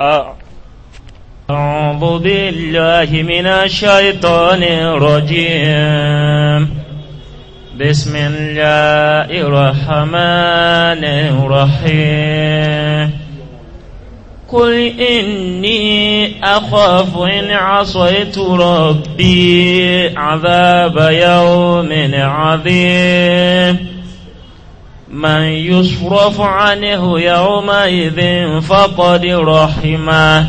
أعوذ بالله من الشيطان الرجيم بسم الله الرحمن الرحيم قل إني أخاف إن عصيت ربي عذاب يوم عظيم من يصرف عنه يومئذ فقد رحمه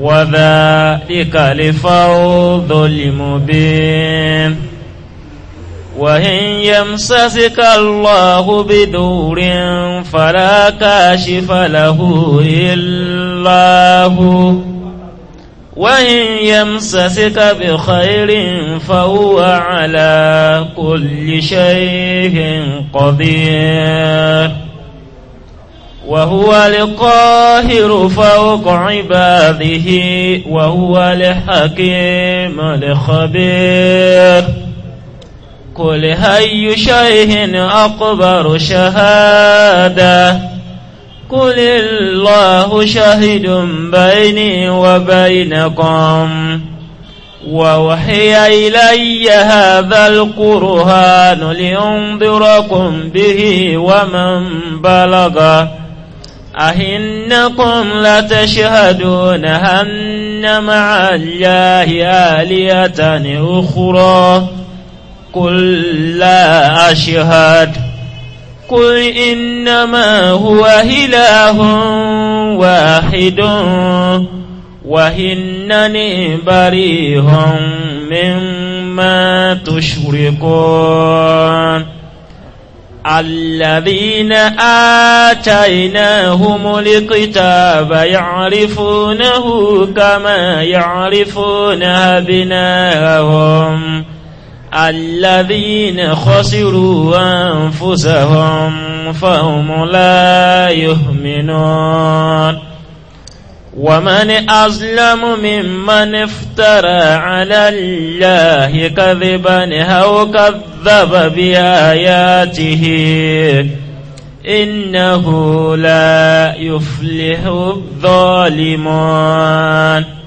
وذلك لفوض المبين وإن يمسسك الله بدور فلا كاشف له إلا هو وإن يمسسك بخير فهو على كل شيء قدير وهو القاهر فوق عباده وهو الحكيم الخبير قل هي شيء أكبر شهاده قل الله شهيد بيني وبينكم ووحي إلي هذا القرآن لينذركم به ومن بلغ أهنكم لتشهدون أن مع الله آلية أخرى قل لا أشهد قل إنما هو إله واحد وإنني بريء مما تشركون الذين آتيناهم الكتاب يعرفونه كما يعرفون أبناءهم الذين خسروا أنفسهم فهم لا يؤمنون ومن أظلم ممن افترى على الله كذبا أو كذب بآياته إنه لا يفلح الظالمون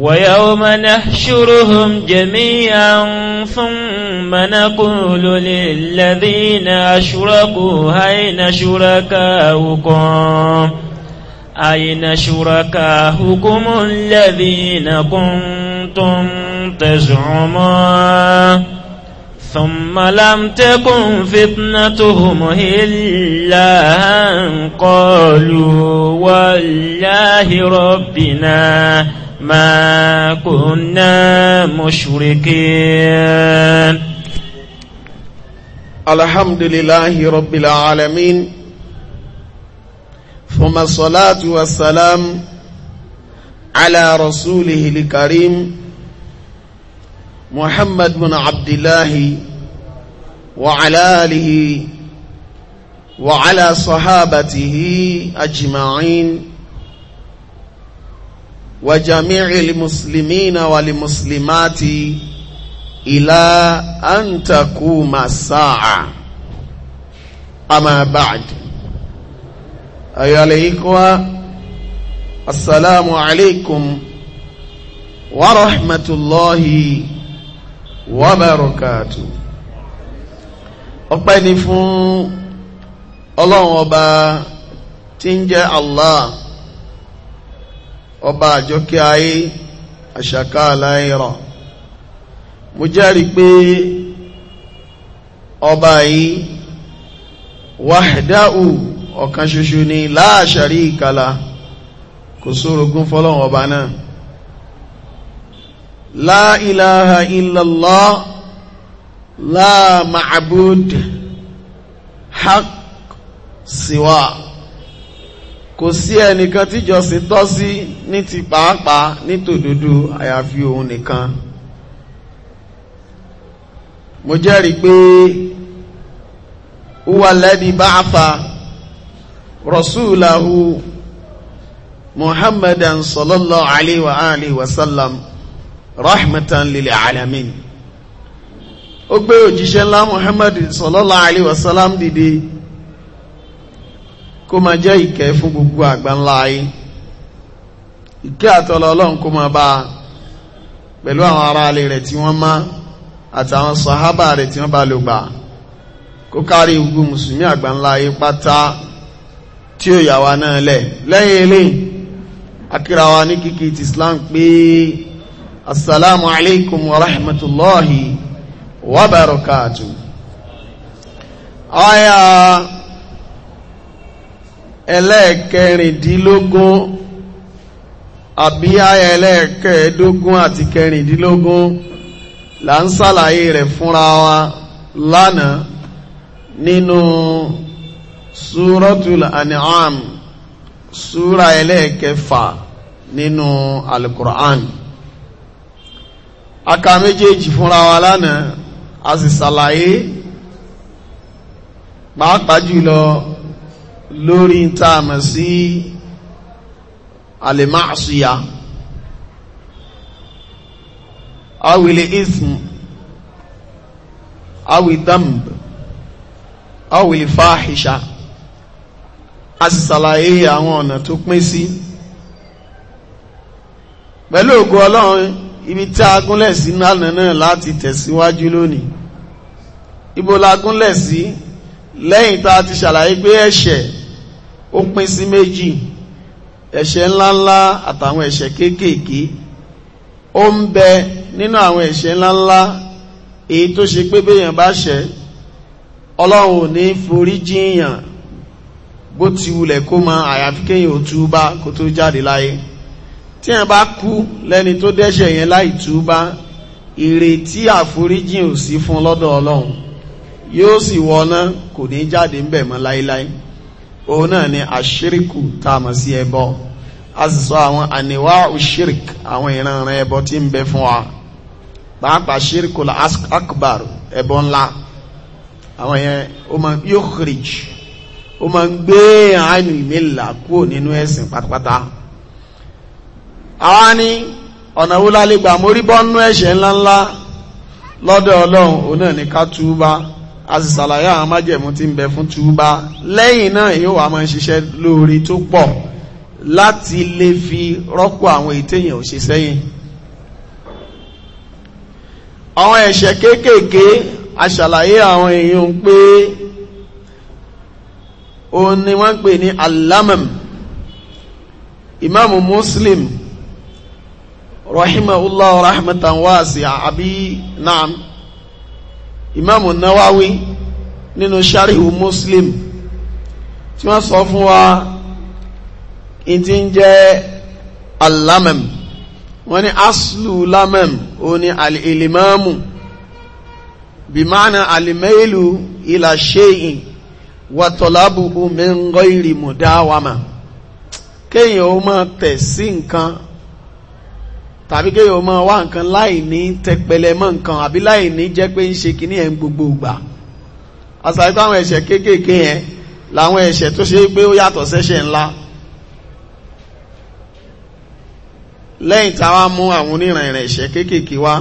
ويوم نحشرهم جميعا ثم نقول للذين أشركوا أين شركاؤكم أين شركاؤكم الذين كنتم تزعمون ثم لم تكن فتنتهم إلا أن قالوا والله ربنا ما كنا مشركين الحمد لله رب العالمين ثم الصلاة والسلام على رسوله الكريم محمد بن عبد الله وعلى آله وعلى صحابته أجمعين وجميع المسلمين والمسلمات إلى أن تقوم الساعة أما بعد أيها الإخوة السلام عليكم ورحمة الله وبركاته أقبل فون الله وبا تنجى الله ọba àjọkẹ́ ayé àṣàká aláìrọ̀ mo jẹ́rìí pé ọba yìí wàhídáù ọ̀kan ṣoṣo ni láàṣàrí ìkàlà kò sórogún fọ́lọ́wọ̀n ọba náà láìláha ìlàlá láàmàbúd haq siwa kò sí ẹnìkan tíjọsìn tọ́ sí ní ti pàápàá ní tòdodo àyàfi òun nìkan mo jẹ́rìí pé huwa alladhi ba'atha rasulahu muhammadan sallallahu alayhi wa sallam rahmatan lil alamin ó gbé òjíṣẹ́ ńlá muhammad sallallahu alayhi wa sallam dìde kó máa jẹ́ ìkẹ́ fún gbogbo àgbáńlá ayé ìkẹ́ àtọ́lọ ọlọ́run kó máa bá pẹ̀lú àwọn ará alẹ́ rẹ̀ tí wọ́n má àtàwọn sàhábà rẹ̀ tí wọ́n bá lò gbà kó kárí gbogbo mùsùlùmí àgbáńlá ayé pátá tí ó yà wá náà lẹ̀ lẹ́yìn eléyìí akíra wa ní kíkí ti Islam pé assalamu alaikum wa rahmatullahi wa barakatuh aya ẹlẹ́ẹ̀kẹrìndínlógún àbí àyá ẹlẹ́ẹ̀kẹẹ̀dógún àti kẹrìndínlógún là ń ṣàlàyé rẹ̀ fúnra wa lánàá nínú súrọ́tul an'am súra ẹlẹ́ẹ̀kẹfà nínú alukur'an aka méjèèjì fúnra wa lánàá a sì ṣàlàyé pàápàá jùlọ lórí tààmà sí alìmáṣíyà awìlì ism awì damb awìlì fáhìṣà a sì ṣàlàyé àwọn ọ̀nà tó pín sí pẹ̀lú ògo ọlọ́run ibi tí a gúnlẹ̀ sí lánàá náà láti tẹ̀síwájú lónìí ibo la gúnlẹ̀ sí lẹ́yìn tá a ti ṣàlàyé pé ẹ̀ṣẹ̀ ó pín sí méjì ẹ̀ṣẹ̀ ńláńlá àtàwọn ẹ̀ṣẹ̀ kéékèèké ó ń bẹ nínú àwọn ẹ̀ṣẹ̀ ńláńlá èyí tó ṣe pé béèyàn bá ṣẹ̀ ọlọ́run ò ní forí jíyàn bó ti wulẹ̀ kó mọ àyàfi kéèyàn ò túbá kó tó jáde láyé tí èèyàn bá kú lẹ́ni tó dẹ́ṣẹ̀ yẹn láì túbá ìrètí àforíjìn ò sí fún lọ́dọ̀ ọlọ́run yóò sì wọná kò ní jáde ńbẹ̀ mọ́ láéláé. òun náà ni àṣíríkù tá a mọ̀ sí ẹbọ a sì sọ àwọn àníwá òṣírík àwọn ìranran ẹbọ tí ń bẹ fún wa pàápàá ṣíríkù akbar ẹbọ ńlá àwọn yẹn ó máa yókèrèj ó máa ń gbé àánú ìmẹ́là kúrò nínú ẹ̀sìn pátápátá àwa ni ọ̀nà wo a sì ṣàlàyé àwọn májẹ̀mú tí ń bẹ fún túbá lẹ́yìn náà yóò wá máa ń ṣiṣẹ́ lóore tó pọ̀ láti lè fi rọ́pò àwọn ètèyàn ò ṣe sẹ́yìn àwọn ẹ̀ṣẹ̀ kéékèèké aṣàlàyé àwọn èèyàn pé òun ni wọ́n pè ní alamam imam muslim rahimahullah rahmatan wasi abi naam ìmáàmù náwáwí nínú sáríhù muslim tí wọ́n sọ fún wa ìtí ń jẹ́ alamem wọ́n ní aslu lamem o ní alìlìmáàmù bí máàna alìmẹ́ìlú ilà ṣéyìn wà tọ́lábù min ó máa tẹ̀ sí nǹkan tàbí kéèyàn mọ wá nǹkan láì ní tẹpẹlẹ mọ nǹkan àbí láì ní jẹ́ pé ń ṣe kíní ẹ̀ ń gbogbo ìgbà àṣàyí táwọn ẹ̀ṣẹ̀ kéékèèké yẹn làwọn ẹ̀ṣẹ̀ tó ṣe pé ó yàtọ̀ sẹ́ṣẹ̀ ńlá lẹ́yìn táwa mú àwọn oníran ìrìn ẹ̀ṣẹ̀ kéékèèké wá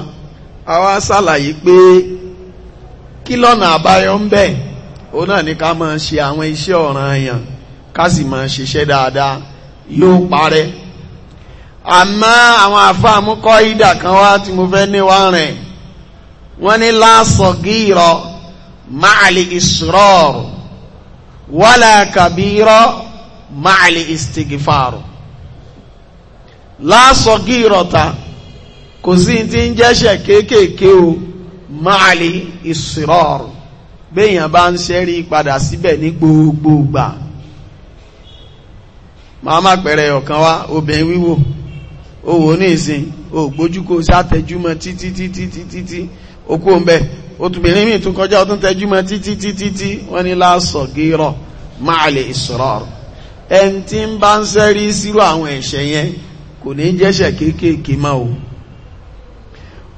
a wá ṣàlàyé pé kí lọ́nà àbáyọ ń bẹ òun náà ni ká máa ṣe àwọn iṣẹ́ ọ̀ranyàn ká sì máa ṣiṣẹ́ dáadáa yóò parẹ́ àmọ́ àwọn àfáàmú kọ́ ìdà kan wá tí mo fẹ́ ní wá rìn wọ́n ní lásọ̀ gírọ máàlì ìṣòrọ̀rù wọ́lá máàlì ìstìgìfàrù lásọ̀ ta kò sí ń jẹ́ṣẹ̀ kéékèèké o máàlì ìṣòrọ̀rù bá ń ṣẹ́rí padà síbẹ̀ ní gbogbogbà máa má pẹ̀rẹ̀ ọ̀kan wá obìnrin ó wò ní ìsìn ó gbójú kó sátẹjúmọ́ títí títí títí tí ó kú ń bẹ́ obìnrin míì tún kọjá ó tún tẹjúmọ́ títí títí tí wọ́n ní lásọ̀ gírọ̀ máa lè sọ̀rọ̀ ẹni tí ń bá ń sẹ́rí sírò àwọn ẹ̀ṣẹ̀ yẹn kò ní jẹ́ṣẹ̀ kéékèèké mọ́ o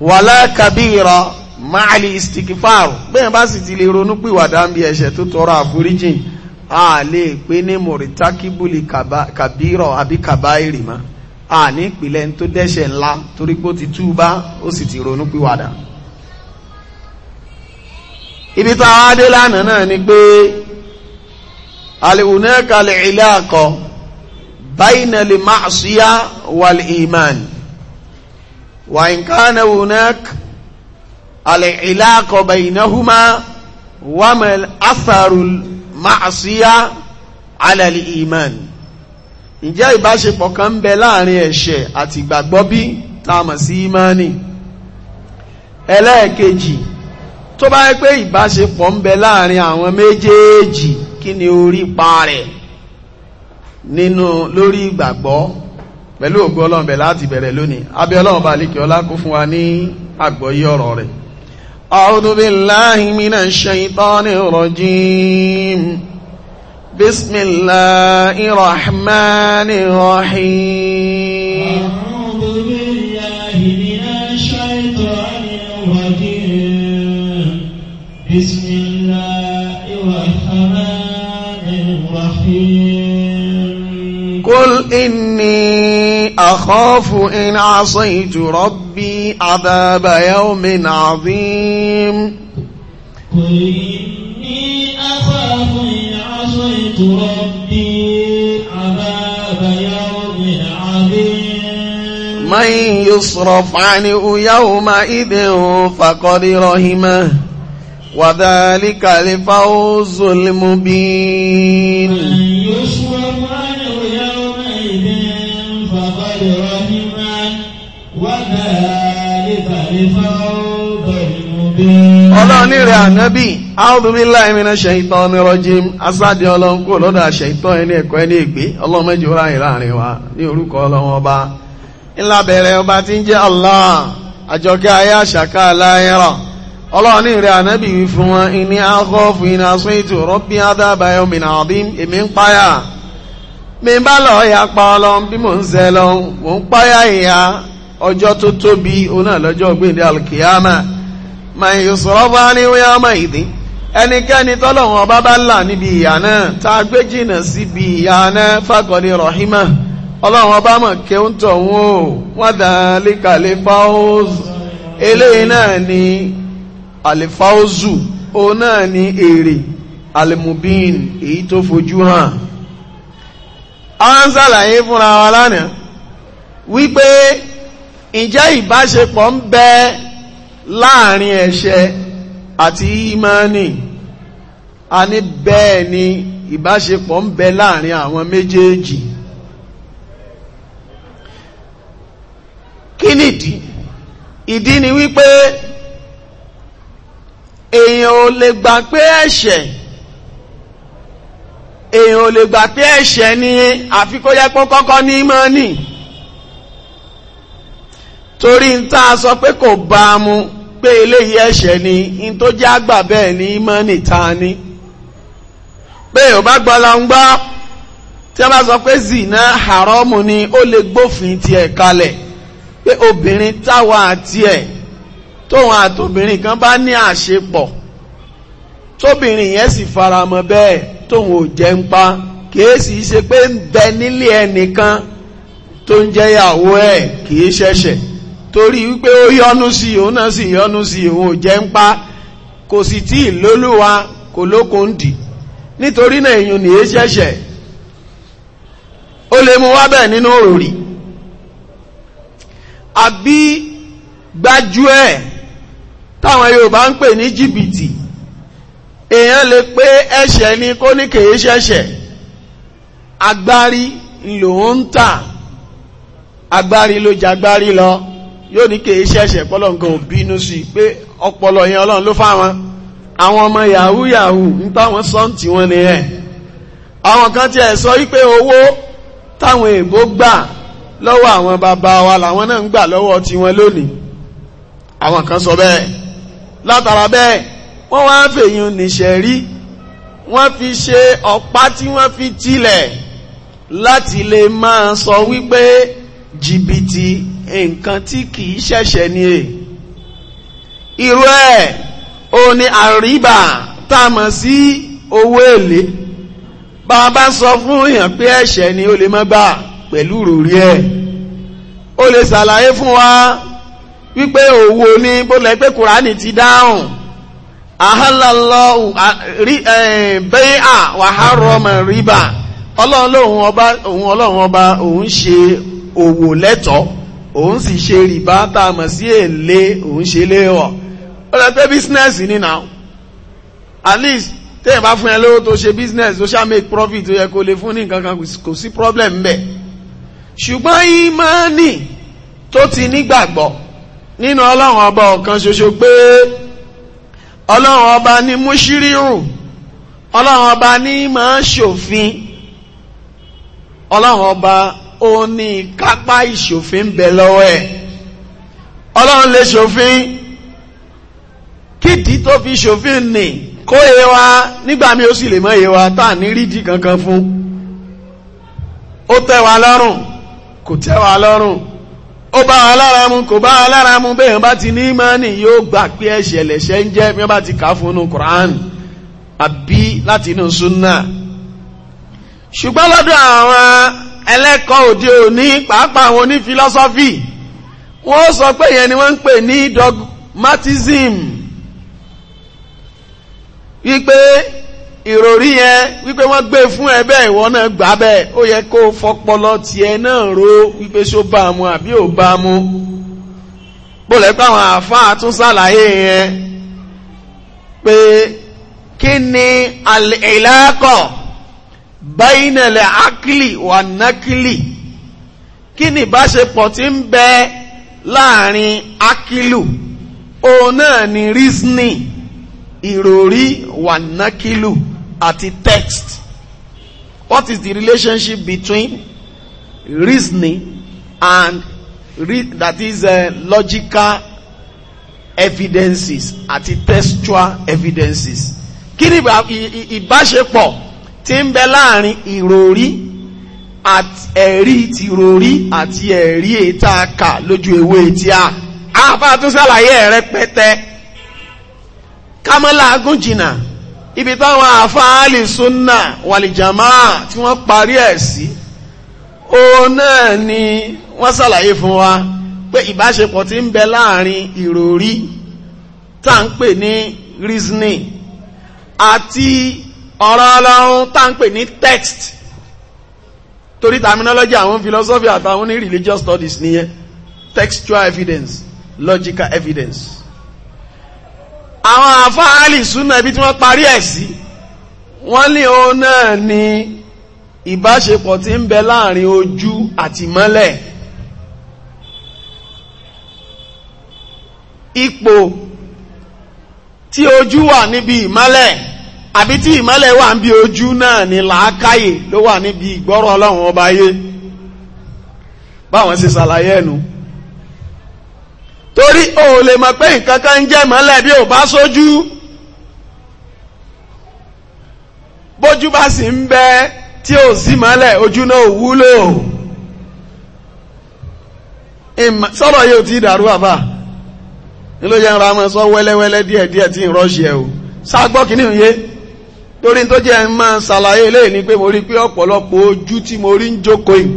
wàlá kàbíìrọ̀ máa lè istikifáàrù bẹ́ẹ̀ bá sì ti lè ronú pìwàdà ń bí ẹ̀ṣẹ̀ tó tọrọ àforíjìn a lè pé ní mọ̀rìtákíbùlì kàbírọ̀ àbí kàbáìrì máa a ní ìpìlẹ̀ tó dẹ́ṣẹ̀ ńlá torí pé ó ti túbá ó sì ti ronú pìwàdà ibi tó àwọn adé lánàá náà ni pé alìhùnáka lè ilé akọ báyìí lè máa ṣíyá wà lè iman wà nǹkan náà hùnáka ilé akọ báyìí náà hùmá wà mẹ́lẹ̀ máa ṣíyá alẹ́ iman ǹjẹ́ ìbáṣepọ̀ kan ń bẹ láàrin ẹ̀ṣẹ̀ àti ìgbàgbọ́ bí táàmà sí imani ẹlẹ́ẹ̀kejì tó bá yẹ pé ìbáṣepọ̀ ń bẹ láàrin àwọn méjèèjì kí ni orí pa rẹ̀ nínú lórí ìgbàgbọ́ pẹ̀lú ògo ọlọ́run bẹ̀ láti bẹ̀rẹ̀ lónìí abẹ́ ọlọ́run bá líkẹ́ ọlá kó fún wa ní àgbọ́yé ọ̀rọ̀ rẹ̀ a'udhu billahi minash shaitanir rajim بسم الله الرحمن الرحيم أعوذ بالله من الشيطان الرجيم بسم الله الرحمن الرحيم قل إني أخاف إن عصيت ربي عذاب يوم عظيم قل إني إني أخاف إن عصيت ربي يوم عظيم من يصرف عنه يومئذ فقد رحمه وذلك الفوز المبين من يصرف ọlọ́ọ̀nì rẹ̀ ànábì áùdúbílà ìmìnà ṣẹ̀yìntàn ọ̀nà rọ́jìm asáde ọlọ́nkò lọ́dọ̀ ṣẹ̀yìntàn ẹni ẹ̀kọ́ ẹni ègbé ọlọ́mẹjọ ráyìn láàrin wa ní orúkọ ọlọ́wọ́n ọba ńlá ọba tí ń jẹ́ ayé aláyẹ̀rọ̀ rẹ̀ ànábì wí fún wọn ìní iná sún ètò rọ́bì ọ̀dín èmi ń páyà mi bá ya pa bí mò ń lọ mò ń páyà ìyá ọjọ́ tó tóbi òun náà man yusraf anhu yawma idhin ẹnikẹ́ni tọ́lọ̀wọ̀n ọba bá là níbi ìyá náà ta gbé síbi ìyà náà faqad rahima ọlọ́run ọba mọ̀ kí ó ń tọ̀ wọ́n o wọ́n dà líka eléyìí náà ni àlefáózù òun náà ni èrè alimubin èyí tó fojú hàn àwọn sàlàyé fúnra wa lánàá wípé ìbáṣepọ̀ ń láàrin ẹ̀ṣẹ̀ àti ìmánì a ní bẹ́ẹ̀ ni ìbáṣepọ̀ ń bẹ láàrin àwọn méjèèjì kí nìdí ìdí ni wípé èèyàn ò lè gbà pé ẹ̀ṣẹ̀ èèyàn ò lè gbà pé ẹ̀ṣẹ̀ ni àfi kọ́kọ́ ní ìmánì torí ń tá a sọ pé kò bá a mu pé eléyìí ẹ̀ṣẹ̀ ni ń tó jẹ́ àgbà bẹ́ẹ̀ ní mọ́nì ta ni pé ò bá gbọ́ lọ ń gbọ́ tí a bá sọ pé zina haramu ni ó lè gbófin tiẹ̀ kalẹ̀ pé obìnrin táwa àti ẹ̀ tóun àtòbìnrin kan bá ní àṣepọ̀ tóbìnrin yẹn sì faramọ́ bẹ́ẹ̀ tóun ò jẹ́ pa kìí sì ṣe pé ń bẹ nílé ẹnìkan tó ń jẹ́yàwó ẹ̀ kìí ṣẹ̀ṣẹ̀ torí wípé ó yọ́nú sí òun náà sì yọ́nú sí òun ò jẹ́ ń pa kò sì tí ìlólúwa kò lóko ń dì nítorí náà èyàn nìyé ṣẹ̀ṣẹ̀ ó lè mú wá bẹ́ẹ̀ nínú òròrí àbí gbájú ẹ̀ táwọn Yorùbá ń pè ní jìbìtì èèyàn lè pé ẹ̀ṣẹ̀ ni kó ní kèé ṣẹ̀ṣẹ̀ agbárí lòun ń tà agbárí ló jagbárí lọ yóò ní kèé ṣẹ̀ṣẹ̀ pọ́lọ̀ nǹkan òbínú sí pé ọpọlọ yẹn ọlọ́run ló fáwọn àwọn ọmọ yahoo yahoo ń táwọn sọ́ǹtì wọn ni ẹ̀ àwọn kan tiẹ̀ sọ wípé owó táwọn èèbó gbà lọ́wọ́ àwọn bàbá wa làwọn náà ń gbà lọ́wọ́ tiwọn lónìí àwọn kan sọ bẹ́ẹ̀ látara bẹ́ẹ̀ wọ́n wá fèyàn níṣẹ́ rí wọ́n fi ṣe ọ̀pá tí wọ́n fi tilẹ̀ láti lè máa sọ wípé jìbìtì nǹkan tí kìí ṣẹ̀ṣẹ̀ ni è e. irú ẹ̀ o ní àríbà tá a mọ̀ sí owó èlé bá a bá sọ fún èèyàn pé ẹ̀ṣẹ̀ ni o lè má gbà pẹ̀lú ròrí ẹ̀ o lè ṣàlàyé fún wa wípé òwò ni bó lẹ pé kùránì ti dáhùn ahálàlọ́ bẹ́yà wàhárọ́mọ̀ ríbà ọlọ́run lóhun ọba òun ṣe òwò lẹ́tọ̀ọ́ òun sì ṣe rìbá tá a mọ̀ sí èlé òun ṣe léwọ̀ ó lọ pé bísínẹ́sì ni now at least téèyàn bá fún ẹ lówó tó ṣe business tó ṣá make profit tó yẹ kó lè fún ní nǹkan kan kò sí problem bẹ́ẹ̀ ṣùgbọ́n ìmánì tó ti nígbàgbọ́ nínú ọlọ́run ọba ọ̀kan ṣoṣo pé ọlọ́run ọba ní múṣírírù ọlọ́run ọba ní máa ṣòfin ọlọ́run ọba òun ni ìkápá ìṣòfin bẹ lọ́wọ́ ẹ̀ ọlọ́run lè ṣòfin kídìí tó fi ṣòfin nì kó yé wa nígbà mi ó sì lè mọ́ yé wa tá à ní rídìí kankan fún ó tẹ́ wa lọ́rùn kò tẹ́ wa lọ́rùn ó bá wa lára mu kò bá wa lára mu bẹ́ẹ̀ bá ti ní mọ́nì yóò gbà pé ẹ̀ṣẹ̀ lẹ̀ṣẹ̀ ń jẹ́ bí wọ́n bá ti kà fún un Quran àbí láti inú sunna ṣùgbọ́n lọ́dọ̀ àwọn ẹlẹ́kọ̀ọ́ òde òní pàápàá àwọn oní fílọ́sọ́fì wọ́n sọ pé yẹn ni wọ́n ń pè ní dogmatism wípé ìròrí yẹn wípé wọ́n gbé fún ẹ bẹ́ẹ̀ ìwọ náà gbà bẹ́ẹ̀ ó yẹ kó fọpọlọ tiẹ̀ náà ro wípé ṣó bá a mu àbí ò bá a mu bólẹ̀ pé àwọn àáfàá tún ṣàlàyé yẹn pé kí ni àlè ìlàkọ̀ọ́ bẹ́ẹ̀nẹ̀lẹ̀ akílì wà nákílì kí ni ìbáṣepọ̀ tí ń bẹ láàrin akílù òun náà ni reasoning ìròrí wa nákílù àti text what is the relationship between reasoning and re that is uh, logical evidences àti textual evidences kí ni ìbáṣepọ̀ tí ń bẹ láàrin ìròrí àti ẹ̀rí ti ròrí àti ẹ̀rí ètà kà lójú ewé tí a àfáà tún ṣàlàyé ẹ̀rẹ́ pẹ́tẹ́ kámọ́lá agúnjìnà ibi táwọn àfáà lè súnà wàlìjàmá tí wọ́n parí ẹ̀ sí ó náà ni wọ́n ṣàlàyé fún wa pé ìbáṣepọ̀ tí ń bẹ láàrin ìròrí tá ń pè ní reasoning àti ọ̀rọ̀ ọlọ́run tá ń pè ní text torí terminology àwọn philosophy àtàwọn ní religious studies nìyẹn textual evidence logical evidence àwọn àfáàlì súnà ibi tí wọ́n parí ẹ̀ sí wọ́n ní òun náà ni ìbáṣepọ̀ tí ń bẹ láàrin ojú àti mọ́lẹ̀ ipò tí ojú wà níbi ìmọ́lẹ̀ àbí tí ìmọ́lẹ̀ wà ń bí ojú náà ni làákàyè ló wà níbi ìgbọ́rọ̀ ọlọ́run ọba ayé báwọn ṣe ṣàlàyé ẹnu torí o ò lè mọ̀ pé nǹkan kan ń jẹ́ mọ́lẹ̀ bí ò bá sójú bójú bá sì ń bẹ tí ò sí mọ́lẹ̀ ojú náà wúlò sọ̀rọ̀ yóò ti dàrú àbá nílò yẹn ra mọ́ sọ wẹ́lẹ́wẹ́lẹ́ díẹ̀díẹ̀ tí ń rọ́ṣẹ̀ o sáà gbọ́ kìíní yé torí tó jẹ́ máa ṣàlàyé ilé ní pé mo rí pé ọ̀pọ̀lọpọ̀ ojú tí mo rí ń jókòó yìí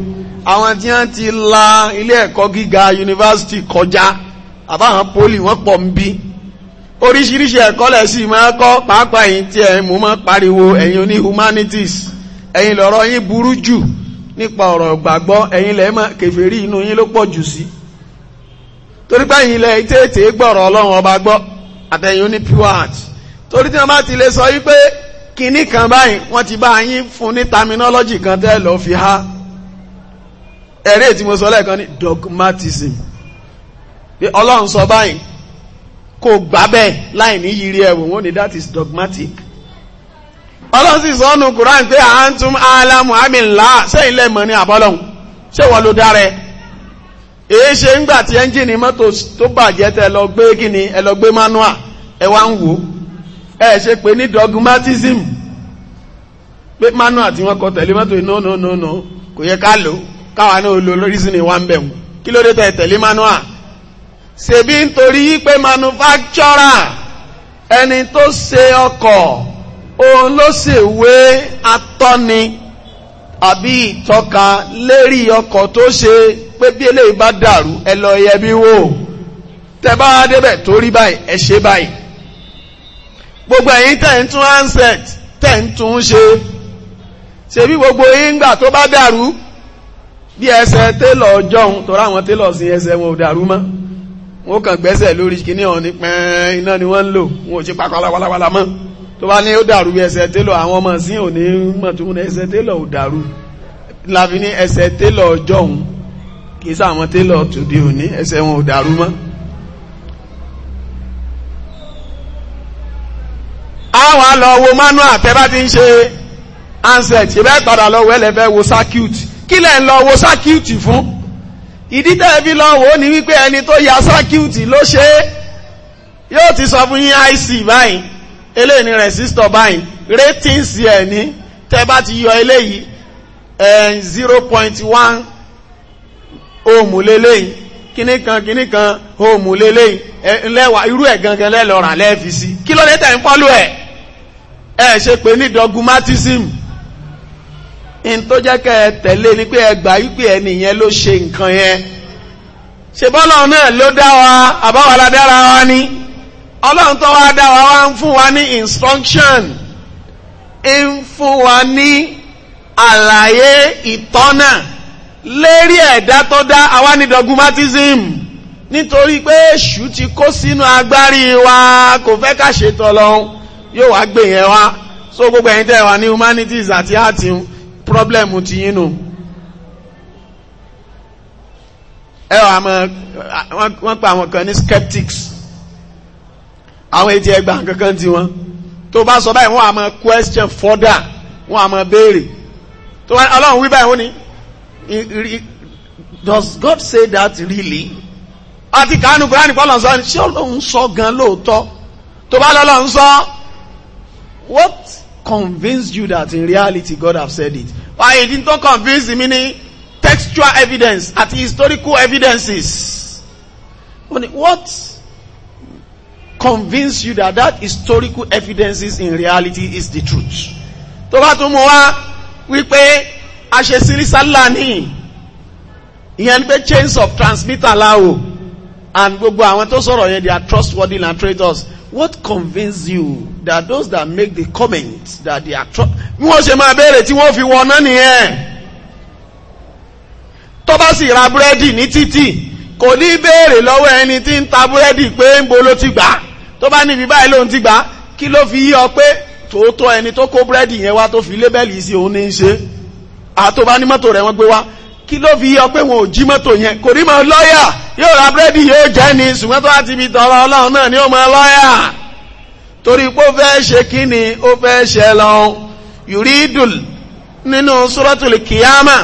àwọn tí wọ́n ti la ilé ẹ̀kọ́ gíga yunifásitì kọjá àbáwọn poli wọ́n pọ̀ ń bí oríṣiríṣi ẹ̀kọ́ lẹ̀ sí máa kọ́ pàápàá ẹ̀yin tí ẹ̀yin mo máa pariwo ẹ̀yin oní humanities ẹ̀yin lọ́rọ̀ yín burú jù nípa ọ̀rọ̀ gbàgbọ́ ẹ̀yin lẹ́ máa kèfèrí inú yín ló pọ̀ jù sí torí pé ẹ̀yin lẹ́ tètè gbọ́rọ̀ ọlọ́run ọba gbọ́ àtẹ̀yin oní pure heart torí tí wọ́n bá ti lè sọ yí pé kíní kan báyìí wọ́n ti bá yín fún ní terminology kan tẹ́ lọ fi há ẹ̀rí tí mo sọ lẹ́ẹ̀kan ní dogmatism Bí ọlọ́run sọ báyìí kò gbà bẹ́ẹ̀ láì ní yiri ẹ̀wò wọ́n ní that is dogmatic ọlọ́run sì sọ ọ́nù Quran pé à ń tún sẹ́yìn lẹ́mọ̀ ní àbọ́lọ́hún ṣé wọ́n ló dára ẹ̀ Èé ṣe ń gbà tí ẹ́ńjìnì mọ́tò tó bàjẹ́ tẹ lọ gbé kíni ẹ lọ gbé manual ẹ wá ń wò ó ẹ ṣe pé ní dogmatism pé manu àti wọn kọ tẹ̀lé mọ́tò no no no no kò yẹ ká lò káwa náà lo lórí sí ni wà ń bẹ̀ wọ́n kí ló dé tẹ̀ tẹ̀lé manu à ṣèbí nítorí pé manufacturer ẹni tó ṣe ọkọ̀ òun ló ṣèwé atọ́ni àbí ìtọ́ka lérí ọkọ̀ tó ṣe pé bí eléyìí bá dàrú ẹ lọ yẹ bí wò tẹ bá débẹ̀ torí báyìí ẹ ṣe báyìí gbogbo ẹ̀yin tẹ̀ ń tún handset tẹ̀ ń tún ṣe ṣebí gbogbo yín gbà tó bá dàrú bí ẹsẹ̀ télọ̀ ọjọ́un tó ráwọn télọ̀ sí ẹsẹ̀ wọn ò dàrú mọ́ wọ́n kàn gbẹ́sẹ̀ lórí kìíní ọ̀hún ní pẹ́ẹ́n iná ni wọ́n ń lò wọn ò ṣe pa wàlàwàlà mọ́ tó bá ní ó dàrú bí ẹsẹ̀ télọ̀ àwọn ọmọ sí òní mọ̀ tó ní ẹsẹ̀ télọ̀ ò dàrú láfi ní ẹsẹ̀ télọ̀ ọjọ́un kìí sáwọn télọ̀ tòde òní ẹsẹ̀ wọn ò dàrú mọ́ àwọn àlọ́wọ́ manual tẹ́ bá ti ń ṣe handset ṣe bẹ́ẹ̀ padà lọ wẹ́lẹ̀ fẹ́ wo circuit kí lẹ́ ń lọ wo circuit fún ìdí tẹ́ fi lọ wò ó ní wípé ẹni tó ya circuit ló ṣe é yóò ti sọ fún yín IC báyìí eléyìí ni resistor báyìí ratings ẹ̀ ní tẹ́ bá ti yọ eléyìí zero point one ohun lélẹ́yìn kíní kan kíní kan ohun lélẹ́yìn lẹ́wà irú ẹ̀ gangan lẹ́lọ́ràn lẹ́ẹ̀fi sí kí ló dé tẹ̀ ń fọ́lú ẹ̀ ẹ ṣe pé ní dogmatism in tó jẹ́ kẹ́ ẹ tẹ̀lé ni pé ẹ gbà wípé ẹni yẹn ló ṣe nǹkan yẹn ṣe bọ́lọ̀ náà ló dá wa abawala la dára wa ni ọlọ́run tó wá dá wa wá ń fún wa ní instruction ń fún wa ní àlàyé ìtọ́nà lérí ẹ̀dá tó dá àwa ní dogmatism nítorí pé èṣù ti kó sínú agbárí wa kò fẹ́ ká ṣètò ọlọ́run yóò wá gbé yẹn wá so gbogbo ẹ̀yin tẹ́ wà ní humanities àti arts problem ti yín nù. ẹ wà mọ wọ́n pa àwọn kan ní skeptics àwọn ètò ẹgbàá kankan ti wọn tó bá sọ báyìí wọ́n á question further wọ́n á mọ béèrè tó Ọlọ́run wí báyìí wọ́n ní does God say that really? àti kánú kúránì pọ́lọ̀ sọ ni ṣé Ọlọ́run sọ gan lóòótọ́ tó bá lọ́lọ́run sọ. What convinced you that in reality God have said it? Why it didn't convince me ni textual evidence at historical evidences. What convinced you that that historical evidences in reality is the truth? Tó bá tún mú wá wípé a ṣe ní ìyẹn pé chains of transmitter láwò and gbogbo àwọn tó sọ̀rọ̀ yẹn they are trustworthy and traitors. What convinced you? that those that make the comment that they are tro bí wọ́n ṣe máa béèrè tí wọ́n fi wọná nìyẹn tó sì ra búrẹ́dì ní títì kò ní béèrè lọ́wọ́ ẹni tí ń ta búrẹ́dì pé ń bo ti gbà tó bá níbi báyìí lóun ti gbà kí ló fi yí ọ pé tòótọ́ ẹni tó kó búrẹ́dì yẹn wá tó fi lébẹ́lì sí òun ní í ṣe àtòbá ní mọ́tò rẹ̀ wọ́n gbé wá kí ló fi yọ pé wọn ò jí mọ́tò yẹn kò ní mọ́ lọ́yà yóò ra búrẹ́dì yóò jẹ́ ni ṣùgbọ́n tó bá ti fi tọrọ ọlọ́run náà ni ó mọ́ lọ́yà torí pé ó fẹ́ ṣe kí ni ó fẹ́ ṣe lọ yuridul nínú suratul kìyàmà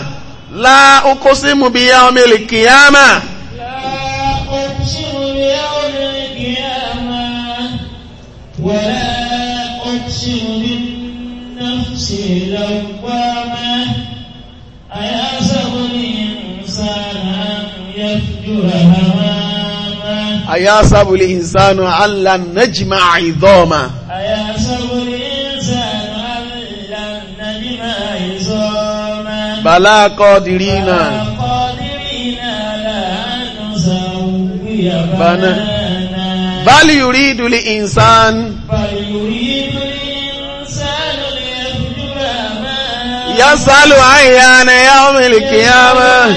la uqsimu bi yawmil kìyàmà. la uqsimu bi yawmil kìyàmà wa la uqsimu bin nafsil lawwama ayasabu al-insanu an yafjura hawa. أياسب الإنسان أن لن نجمع عظاما أيحسب الإنسان على نجمع عظاما بلى قادرين قادرين على بل يريد الإنسان بل يريد الإنسان يسأل أيان يوم القيامة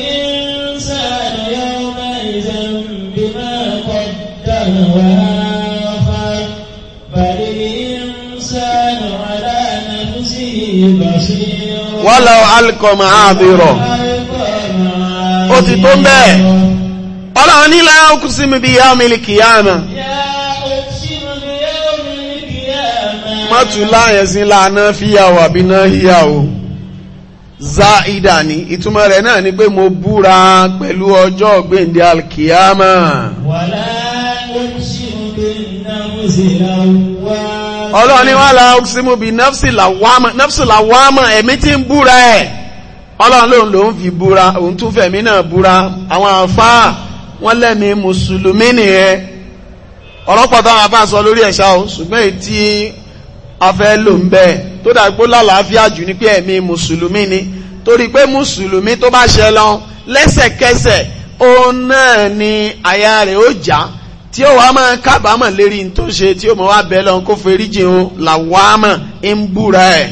وافق بل الإنسان على نفسه بصير ولو ألقى معاذيره ó ti tó bẹ́ẹ̀ ọlọ́run nílá òkú sí mi bí yá mílì kìyàmà mọ́tù láyẹ̀ sí láàánà fíyàwó àbí náà híyàwó za ìdà ìtumọ̀ rẹ̀ náà ni pé mo búra pẹ̀lú ọjọ́ gbèǹdé alkiyama wàlá ọlọ́run ni wọ́n la ọ̀sìmù bíi nọ́fṣì làwámà ẹ̀mí tí ń búra ẹ̀ ọlọ́run lòun lòun fi búra òun tún fẹ̀mí náà búra àwọn àfáà wọ́n lẹ́mí mùsùlùmí nìyẹn ọ̀rọ̀pọ̀ táwọn àfáà sọ lórí ẹ̀ṣá o ṣùgbọ́n èyí tí a fẹ́ lò ń bẹ́ẹ̀ tó dà pé lálàáfíà jù ní pé ẹ̀mí mùsùlùmí ni torí pé mùsùlùmí tó bá ṣẹlọ lẹ́sẹ̀kẹsẹ̀ òun náà ni àyà rẹ̀ ó jà á tí ó wàá máa kábàámọ̀ lérí tó ṣe tí ó mọ̀ wá bẹ́ẹ̀ lọ́n kó feríjì o làwámọ̀ ń búra ẹ̀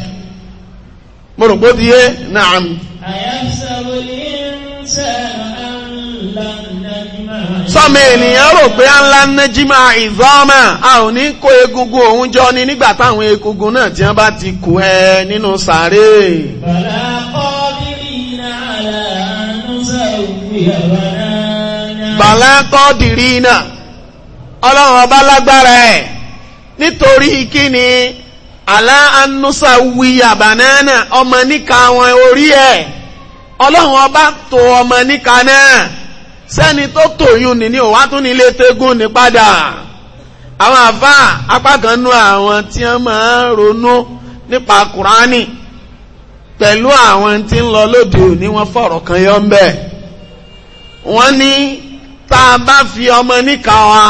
mo rò pé ti yé naam. sọ́mi ènìyàn rò pé ńlá nẹ́jìmá ìzọ́mà a ò ní kó egungun òun jọ ni nígbà táwọn egungun náà tí wọ́n bá ti kú ẹ nínú sáré. bàlá kọ́ dìrí náà. ọlọ́run ọba lágbára ẹ̀ nítorí kíni aláàánúsà wíyà bànánà ọmọ níka wọn orí ẹ̀ ọlọ́run ọba tó ọmọ níka náà sẹ́ni tó tòyún ní ní òwá tún nílé tegún ní padà àwọn àfá apákanú àwọn tí wọ́n máa ń ronú nípa kùránì pẹ̀lú àwọn tí ń lọ lóde òní wọ́n fọ̀rọ̀ kan yọ ń bẹ̀ wọ́n ní tá a bá fi ọmọ níka wa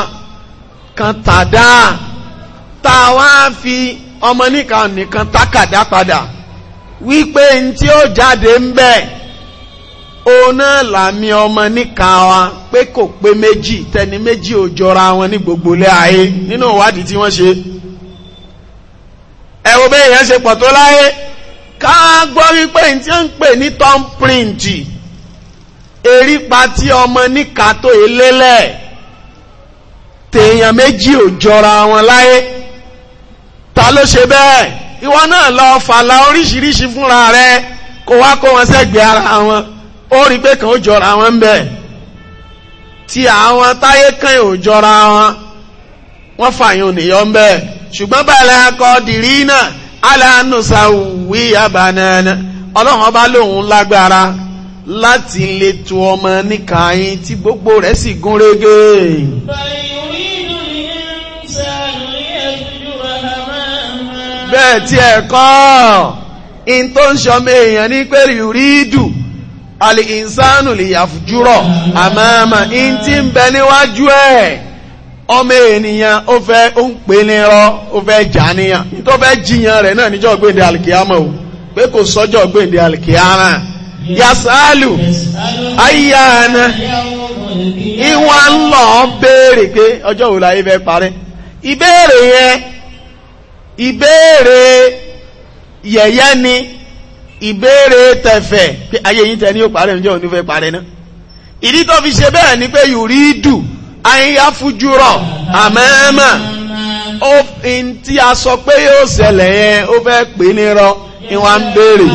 kan tàdá tá a wá fi ọmọ nìkan nìkan tákàdá padà wípé n tí ó jáde ń bẹ òun náà làmì ọmọ nìkan wa pé kò pé méjì tẹni méjì ò jọra wọn ní gbogbo ilé ayé nínú ìwádìí tí wọ́n ṣe ẹ wo bẹ́ẹ̀ yẹn ṣe pọ̀ tó láyé ká gbọ́ wípé n tí ó ń pè ní tom print erípa tí ọmọ nìkan tó yẹ lélẹ̀ tèèyàn méjì ò jọra wọn láyé ta ló ṣe bẹ́ẹ̀ ìwọ náà lọ fàlà oríṣiríṣi fúnra rẹ kó wá kó wọn sẹ́gbẹ̀ẹ́ ara wọn ó rí pé kàn ó jọra wọn ń bẹ tí àwọn táyé kan ò jọra wọn wọ́n fààyàn ònìyàn ń bẹ ṣùgbọ́n bàlẹ́ akọ dìrí náà aláàánúsà wí abànánà ọlọ́run ọba lòun lágbára láti lè tu ọmọ níkàáyín tí gbogbo rẹ̀ sì gún régé. bẹ́ẹ̀ tí ẹ̀ kọ́ in tó ń ṣọmọ èèyàn ní pé rídù alì ìsánù lè yàfùjúrọ̀ àmàmà in ti ń bẹ níwájú ẹ̀ ọmọ ènìyàn ó fẹ́ ó ń rọ ó fẹ́ jà níyàn tó fẹ́ jiyàn rẹ̀ náà níjọ́ gbèdé o pé kò sọ́jọ́ gbèdé yasalu ayana ìwọ̀n lọ béèrè pé ọjọ́ wo fẹ́ ìbéèrè ìbéèrè yẹ̀yẹ́ ni ìbéèrè tẹ̀fẹ̀ pé ayé yìí tẹ ní ó parẹ́ ǹjẹ́ òní fẹ́ parẹ́ ná ìdí tó fi ṣe bẹ́ẹ̀ ni pé yùrídù ayíyá fújúrọ̀ àmẹ́mà ó in tí a sọ pé yóò ṣẹlẹ̀ yẹn ó fẹ́ pè nírọ́ ìwà ń béèrè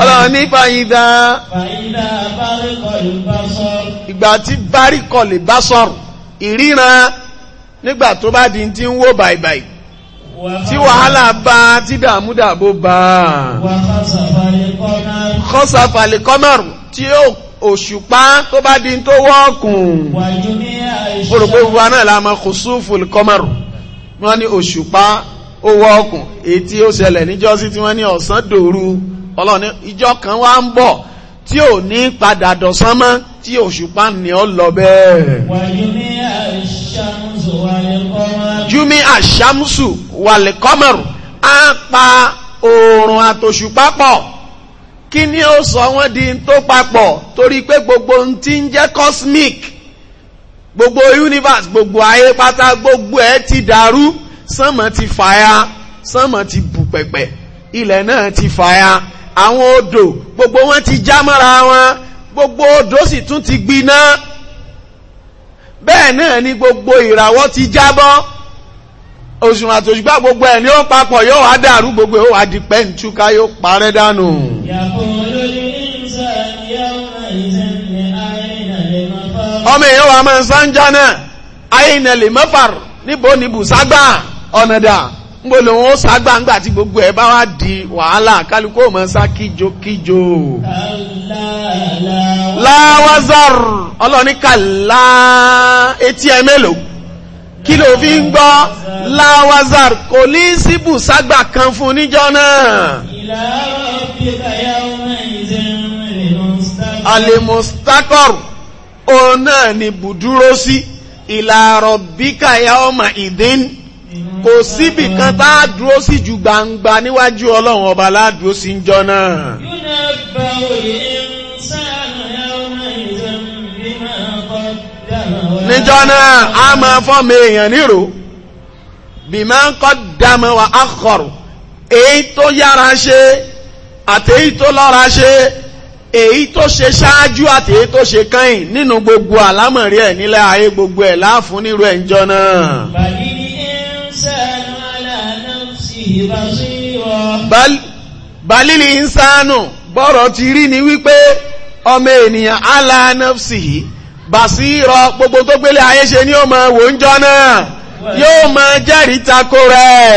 ọlọ́run ní fàyídá ìgbà tí báríkọ̀ lè bá sọ̀rọ̀ ìríran nígbà tó bá di ti ń wò bàìbàì tí wàhálà bá tí dàmúdàbò bá kọ́sàfàlì kọ́mọ̀rù tí òṣùpá tó bá di tó wọ́ọ̀kùn orùpé wa náà la mọ̀ kùsùfù kọ́mọ̀rù wọ́n ní òṣùpá ó wọ́ọ̀kùn èyí tí ó ṣẹlẹ̀ níjọ́sí tí wọ́n ní ọ̀sán dòru ọlọ́ni ìjọ kan wá ń bọ̀ tí ò ní padà dọ̀sán mọ́ tí òṣùpá ní ọ lọ bẹ́ẹ̀ júmi àṣàmùsù wàlẹ̀kọ́mọ̀rù á pa oòrùn àtòṣùpá pọ̀ kí ni ó sọ wọ́n di tó papọ̀ torí pé gbogbo ohun tí ń cosmic gbogbo universe gbogbo ayé pata gbogbo ẹ̀ ti dàrú sánmọ̀ ti fàya sánmọ̀ ti bù pẹ̀pẹ̀ ilẹ̀ náà ti fàya àwọn odò gbogbo wọn ti já mọ́ra wọn gbogbo odò sì tún ti gbiná bẹ́ẹ̀ náà ni gbogbo irawo ti jábọ́ òṣùwọ̀n àtòṣùgbà gbogbo ẹ̀ ni ó papọ̀ yóò wá dàrú gbogbo yóò wá di pẹ́ǹtúká yóò parẹ́ dànù. ọmọ èèyàn wa máa ń sáńjá náà àyìnà lè mọ́fàr níbo ni bùságbà ọ̀nàdà níbo lòun ó ságbà ńgbà tí gbogbo ẹ̀ bá wá di wàhálà kálukú ò máa sá kíjokíjo. láwázàr ọlọ́ni kàlá etí ẹ mélòó kí ló fi ń gbọ́ láwázàr kò ní síbù ságbà kan fún níjọ́ náà alimustakor òun náà ni bùdúró sí ìlàrọ̀ bíkàyà ọmọ ìdín kò síbì kan tá a dúró sí ju gbangba níwájú ọlọ́run ọba ládùúró ń jọ náà. níjọ́ náà a máa fọ́ọ̀mù èèyàn nírò bí máa ń kọ́ dàmú wa akhar èyí tó yára ṣe àti èyí tó lọ́ra ṣe èyí tó ṣe ṣáájú àti èyí tó ṣe kẹ́yìn nínú gbogbo àlámọ̀rí ẹ̀ nílẹ̀ ayé gbogbo ẹ̀ láàfún nírú ẹ̀ ń náà. balili insanu bọ́rọ̀ ti rí ni wípé ọmọ ènìyàn ala nafsihi bàṣírọ gbogbo tó gbélé ayé ṣe ní ọmọ wò ń jọ náà yóò máa jẹ́rìí takò rẹ̀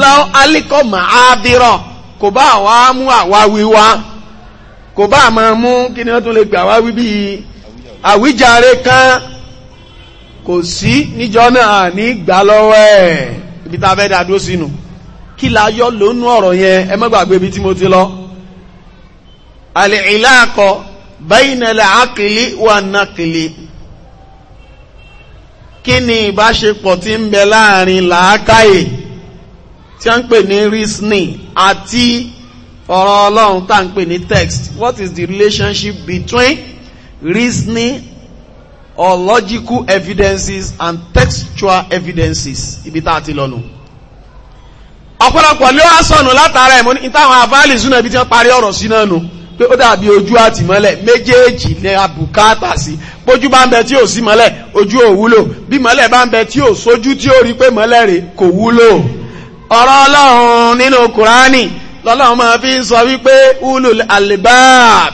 lọ alíkọ̀ máa bírọ̀ kò bá wá mú àwa wíwá kò bá máa mú kí ni wọ́n tún lè gbà wá wíbí àwíjàre kan kò sí níjọ náà ní gbà lọ́wọ́ ẹ̀ ibi tá a fẹ́ dá sínú kí la yọ lónú ọ̀rọ̀ yẹn ẹ má ibi tí mo ti lọ. alìláàkọ bẹ́ẹ̀nẹ̀lẹ̀ àkìlì wà nàkìlì kí ni ìbáṣepọ̀ tí ń bẹ láàrin làákàyè ti a n pe ni reasoning ati oro ọlọ́run ta n pe ni text what is the relationship between reasoning or logical evidences and textual evidences ibi ati a ti lọ nù ọ̀pọ̀lọpọ̀ ló wá latara látara ẹ̀ mọ́ ní táwọn àbáàlì súnà ibi tí wọ́n parí No pé ó dàbí ojú àtìmọ́lẹ̀ méjèèjì ní abùkátà sí bójú bá ń bẹ tí ò sí mọ́lẹ̀ ojú ò wúlò bí mọ́lẹ̀ bá ń bẹ tí ò sójú tí ó rí pé mọ́lẹ̀ rẹ̀ kò wúlò ọ̀rọ̀ ọlọ́run nínú kùránì lọ́lọ́run máa fi ń sọ wípé ulul albab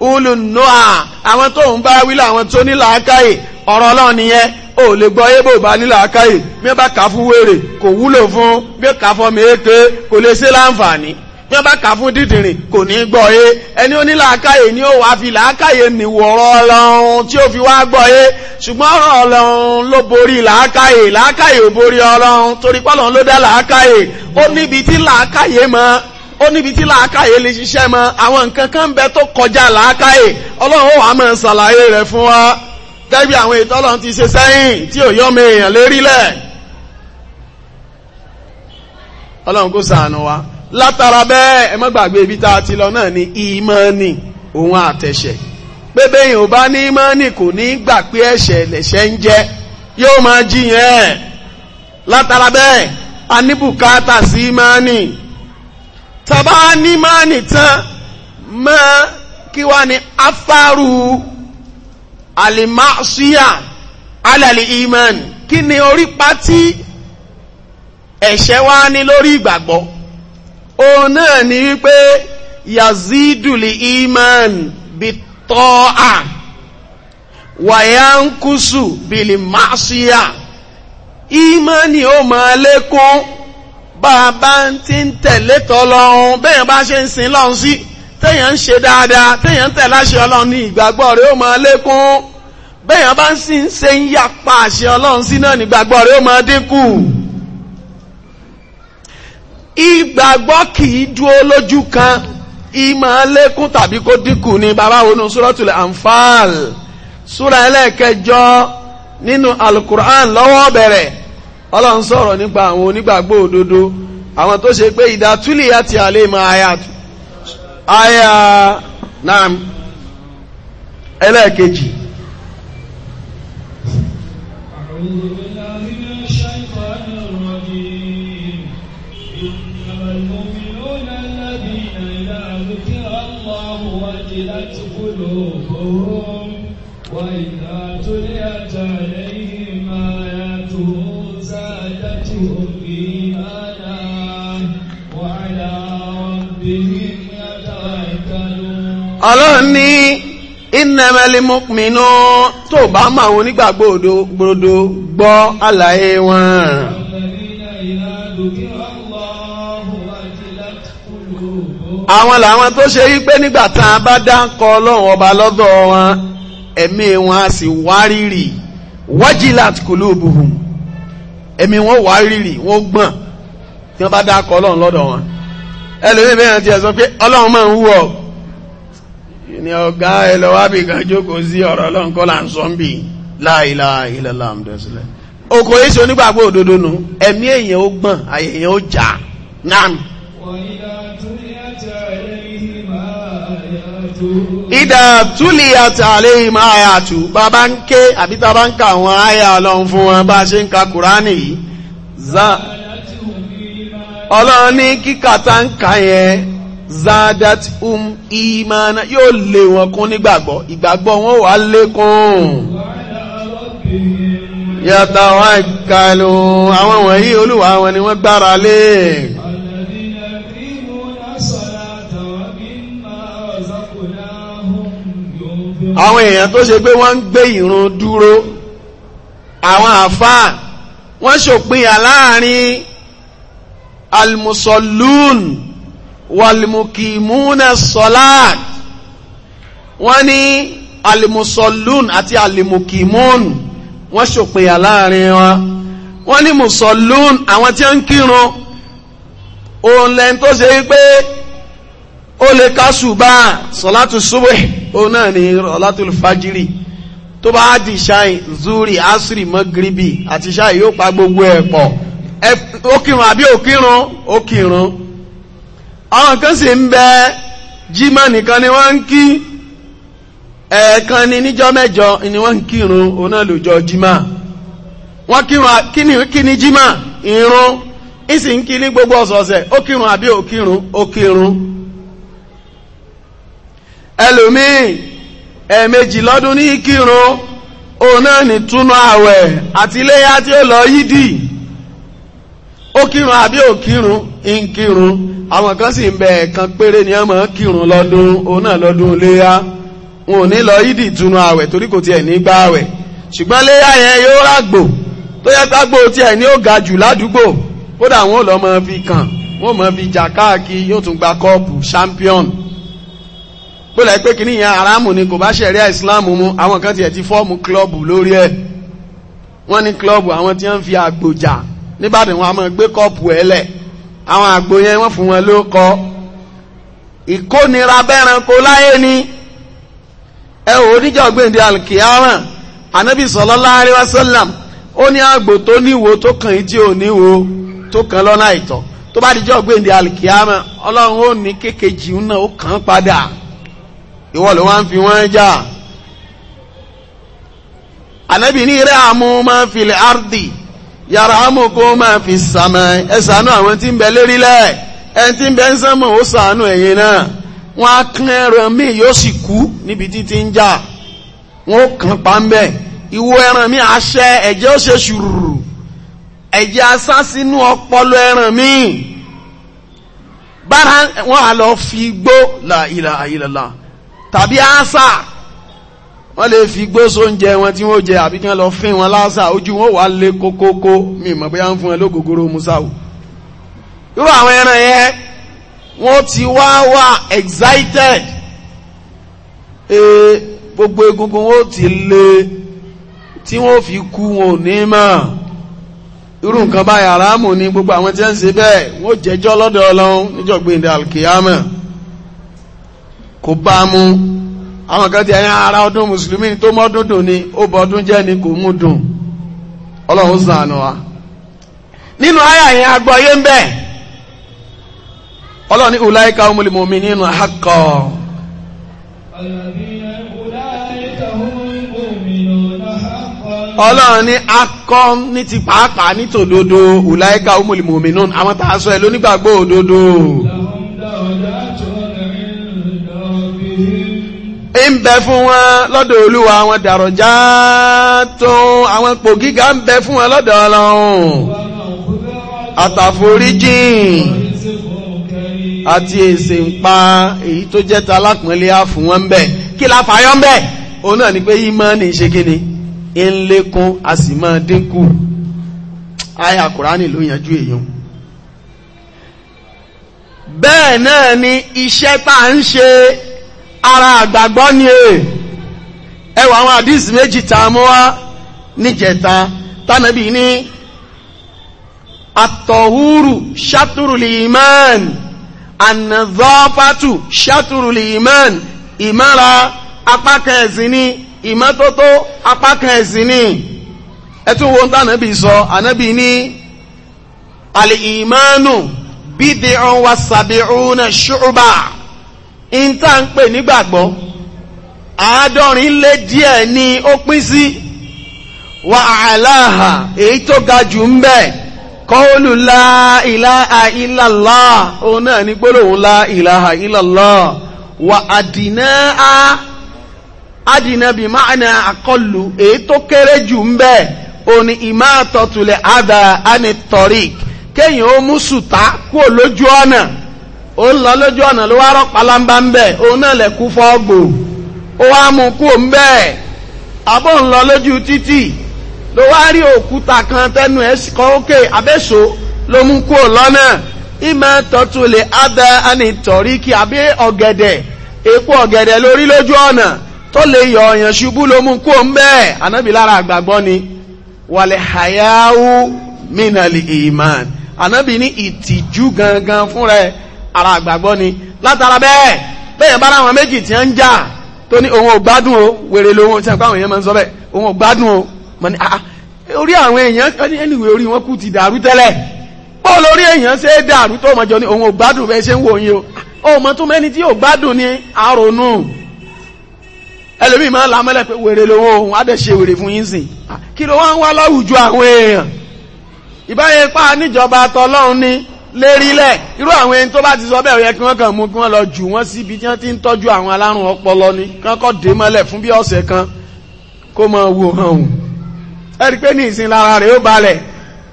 ulul noa àwọn tó ń bá wí làwọn tó ní làákàyè ọ̀rọ̀ ọlọ́run nìyẹn ò lè gbọ́ ébò bá ní làákàyè bí ó bá kà fún wèrè kò wúlò fún bí ó kà fún mi èké kò lè ṣe láǹfààní tí wọ́n bá kà fún dídìrín kò ní gbọ́ yé ẹni onílàákàyè ni ó wà fi làákàyè nìwọ̀rọ̀ ọlọ́run tí ó fi wá gbọ́ yé ṣùgbọ́n ọ̀rọ̀ ọlọ́run ló borí làákàyè làákàyè ò borí ọlọ́run torí pọ́lọ́run ló dá làákàyè ó níbi tí làákàyè mọ́ ó níbi tí làákàyè lè ṣiṣẹ́ mọ́ àwọn nǹkan kan bẹ tó kọjá làákàyè ọlọ́run ó wà máa ṣàlàyé rẹ̀ fún wa gẹ́gẹ́ àwọn ètò ọlọ́run ti ṣe sẹ́yìn tí ò yọ́mọ èèyàn wa látara bẹ́ẹ̀ ẹ má gbàgbé ibi tá a ti lọ náà ni ìmọ̀ọ́nì òun àtẹ̀ṣẹ̀ pé bẹ́yìn ò bá ní ìmọ̀ọ́nì kò ní gbà pé ẹ̀ṣẹ̀ lẹ̀ṣẹ̀ ń jẹ́ yóò máa jiyàn ẹ̀ látara bẹ́ẹ̀ a sí ìmọ̀ọ́nì tàbá ní ìmọ̀ọ́nì tán mọ́ kí wá ní afárù alimasiya alali iman kí ni orí pátí ẹ̀ṣẹ̀ wá ní lórí ìgbàgbọ́ òun náà ni wípé yaziduli iman bi tọ́a wàyánkusu bìlì máṣíyà ìmánì ó máa lékún bá a bá ti ń tẹ̀lé tọ́lọ́run bẹ́yàn bá ṣe ń sin lọ́run sí tẹ́yàn ń ṣe dáadáa tẹ́yàn ń tẹ̀lé àṣẹ ọlọ́run ní ìgbàgbọ́ rẹ̀ ó máa lékún bẹ́yàn bá sì ń ṣe ń yapa àṣẹ ọlọ́run sí náà nígbàgbọ́ rẹ̀ ó máa dínkù ìgbàgbọ́ kì í lójú kan ìmọ̀ lékún tàbí kó dínkù ni bàbá wọnú suratul Anfal súra ẹlẹ́ẹ̀kẹjọ nínú alukur'an lọ́wọ́ bẹ̀rẹ̀ ọlọ́run sọ̀rọ̀ nípa àwọn onígbàgbọ́ òdodo àwọn tó ṣe pé ìdátúlì àti àlèmọ̀ àyà àyà náà ẹlẹ́ẹ̀kejì. ọlọ́run ní innamal mu'minun tó bá máa wọn nígbàgbọ́ òdodo gbọ́ àlàyé wọn. àwọn làwọn tó ṣe wípé nígbà tá a bá dáńkọ ọlọ́run ọba lọ́dọ̀ wọn ẹ̀mí wọn a sì wárìrì wajilat kulubuhum ẹ̀mí wọn wárìrì wọn gbọ̀n tí wọ́n bá dáńkọ ọlọ́run lọ́dọ̀ wọn ẹlòmíì bẹ́ẹ̀ ti ẹ̀ sọ pé ọlọ́run máa ń wú ọ ni ọ̀gá ẹlọ́wàbì kan jókòó sí ọ̀rọ̀ lọ́nkọ́ là ń sọ ń bì láìlà ìlàlà àmdọ́sílẹ̀ okò èsì onígbàgbọ́ òdodo nù ẹ̀mí èèyàn ó gbọ̀n àyè èèyàn ó jà náà. ìdà túlì àtàlẹ́ ìmọ̀ àyàtù bàbá ń ké àbí tá a bá ń ka àwọn àyà ọlọ́run fún wọn bá a ṣe ń ka kùránì yìí ọlọ́run ní kíkà tá ń ka yẹn zadat um imana yóò lé wọn kún nígbàgbọ́ ìgbàgbọ́ wọn wà lékún yàtọ̀ wọn kàlù àwọn wọ̀nyí olúwa wọn ni wọ́n gbára lé. àwọn èèyàn tó ṣe pé wọ́n ń gbé ìrun dúró àwọn àfáà wọ́n ṣòpin àláàrin almusolun wàlìmùkìmúnà sọ́láàt wọ́n ní alìmùsọ̀lún àti alìmùkìmúnù wọ́n ṣòpinya láàrin wọn wọ́n ní mùsọ̀lún àwọn tí ó ń kírun òun lẹ́n tó ṣe wípé ó lè kásùbá sọ́látù súbẹ̀ òun náà ní ọ̀látù fàjírì tó bá di ṣáì zuri asiri magribi àti ṣáì yóò pa gbogbo ẹ̀ pọ̀ àbí ó kírun àwọn kan sì ń bẹ jímọ̀ nìkan ni wọ́n ń kí ẹ̀ẹ̀kan ni níjọ́ mẹ́jọ ni wọ́n ń kírun kírun kí ni ìsì ń kí ní gbogbo ọ̀sọ̀ọ̀sẹ̀ ó kírun àbí ó kírun ó kírun ẹlòmíì ẹ̀ẹ̀mejì lọ́dún ní kírun oná ní túnú ó kírun àbí ò kírun ń kírun àwọn kan sì ń bẹ ẹ̀kan péré ni wọ́n máa ń kírun lọ́dún òun náà lọ́dún léyá wọn ò ní lọ yídì túnú àwẹ̀ torí kò tiẹ̀ ní gbá àwẹ̀ ṣùgbọ́n léyá yẹn yóò ràgbò tó yẹ gbàgbò tiẹ̀ ní ó ga jù ládùúgbò kódà wọn ò lọ mọ fi fi ni kò bá mu àwọn kan tiẹ̀ ti fọ́ọ̀mù klọ́ọ̀bù lórí ẹ̀ wọ́n ní àwọn tí wọ́n fi níbàdàn wọn a máa gbé kọ́ọ̀pù ẹ lẹ̀ àwọn àgbo yẹn wọ́n fún wọn ló kọ́ ìkónira bẹ́ranko láyé ni ẹ ò níjọ́ gbèǹde alkiyama anabi sallallahu alaihi wasallam ó ní àgbò tó níwo tó kàn í tí tó kàn lọ́nà àìtọ́ tó bá gbèǹde ọlọ́run ó ní kékejì náà ó kàn padà ìwọ ló anabi ní àmú máa ń filẹ̀ ardi. yàrá amòkó máa fi sàmà ẹ ṣàánú àwọn tí ń bẹ lérílẹ̀ ẹ tí ń bẹ ń sánmọ̀ ó ṣàánú ẹ̀yin náà wọ́n á kán ẹran míì yóò sì kú níbi títí ń jà wọ́n ó kàn pa ń ìwo ẹran ọpọlọ ẹran wọn lọ fi gbó la ìlà àyìlàlà tàbí wọ́n lè fi gbóso oúnjẹ wọn tí wọ́n jẹ àbí kí wọ́n lọ fín wọn lásà ojú wọn wà lé kókókó mi mọ̀ bóyá ń fún ẹ lógógóró musáwù irú àwọn ẹran yẹn wọ́n ti wá wà excited ee gbogbo egungun wọn ti lé tí wọ́n fi kú wọn ò ní mọ̀ irú nǹkan báyìí aráàmù ni gbogbo àwọn tí wọ́n ń ṣe bẹ́ẹ̀ wọ́n jẹ́jọ́ lọ́dọ̀ Ọlọ́run níjọ́ gbẹ̀ndẹ̀ alkiyama kò bá mu àwọn kan ti ẹ̀yìn ara ọdún mùsùlùmí tó mọ́dún dùn ni ó bọ ọdún jẹ́ ni kò mú dùn ọlọ́run ṣàánú wa nínú àyà yẹn agbọ́yé ń bẹ ọlọ́run ní ulaika humul mu'minina haqqan. ọlọ́run ní akọ́ ní ti pàápàá ní tòdodo ulaika humul mu'minun àwọn tá a sọ ẹ̀ lónígbàgbọ́ òdodo. ń bẹ fún wọn lọ́dọ̀ olúwa wọn dàrọ̀já tó àwọn ipò gíga ń bẹ fún wọn lọ́dọ̀ ọlọ́run àtàforíjìn àti èsè ń pa èyí tó jẹ́ ta lápínlẹ̀ á fún wọn bẹ̀ kí la fàyọ́ ń bẹ̀ òun náà ni pé yí máa ní ṣe kíni ń lékún a sì máa dínkù àyà kùránì ló yanjú èèyàn bẹ́ẹ̀ náà ni iṣẹ́ tá à ń ṣe ara àgbàgbọ́ ni e ẹwà àwọn àdísì méjì ta mú wá níjẹta tánàbí ní àtọ̀húrù ṣàtúrùlì imán ànàzọ́fàtù ṣàtúrùlì imán ìmára apákan ẹ̀sìn ni ìmọ́tótó apákan ẹ̀sìn ni ẹtún wo tánàbí sọ ànábí ní alì ìmánu bídìí ọ̀wà sàbẹ̀rún ṣùgbà in tá ń pè nígbàgbọ́ àádọ́rin ni ó pín sí wa àláhà èyí tó ga jù ń ilaha illallah òun náà la ilaha illallah wa àdìná á àdìná bí máàna àkọlù èyí tó kéré jù ń ni àdà ánitọ́rík kéèyàn ó mú sùtá ó ń lọ lójú ọ̀nà ló wá rọ́ palamba ń bẹ̀ òun náà lè kú fọ́ọ̀gbò ó wá mú kú ń bẹ̀ àbó ń lọ lójú títì ló wá rí òkúta kan tẹnu ẹ̀ kọ́ òkè abẹ́sọ ló mú kú lọ́nà ìmọ̀ tọ́tù lè abẹ́ ẹni tọ̀rí kí abẹ́ ọ̀gẹ̀dẹ̀ èpo ọ̀gẹ̀dẹ̀ lórí lójú ọ̀nà tó lè yọ ọ̀yàn ṣubú ló mú kú ń bẹ̀ ànábì àgbàgbọ́ ni wàlẹ̀ hayáwú mínàlì ìmàn ànábì ní ìtìjú gangan fúnra ẹ̀ ara àgbàgbọ́ ni látara bẹ́ẹ̀ bẹ́ẹ̀ bá láwọn méjì tí ń jà tó ní òun ò gbádùn o wèrè lòun tí àwọn èèyàn máa ń sọ bẹ́ẹ̀ òun ò gbádùn o mọ̀ ní àá ah, ah, orí àwọn èèyàn ẹnìwé orí wọn kú ti dàrú tẹ́lẹ̀ bó lórí èèyàn ṣe é dàrú tó mọ̀jọ ní òun ò bẹ́ẹ̀ ṣe ń wò o ó mọ tó mẹ́ni tí ò gbádùn àrònú ẹlòmíì máa ń la mẹ́lẹ̀ pé wèrè lòun òun á dẹ̀ ṣe wèrè fún yín sìn ah, kí ló wá ń wá láwùjọ àwọn èèyàn ìbáyẹn pa níjọba tọlọ́run ni lérílẹ̀ irú àwọn ẹni tó bá ti sọ bẹ́ẹ̀ yẹ kí wọ́n kàn mú kí wọ́n lọ jù wọ́n síbi tí wọ́n ti ń tọ́jú àwọn alárùn ọpọlọ ni kọ́kọ́ dé mọ́lẹ̀ fún bí ọ̀sẹ̀ kan kó mọ wo hàn òun ẹ̀rí pé ní ìsìn lára rẹ̀ ó balẹ̀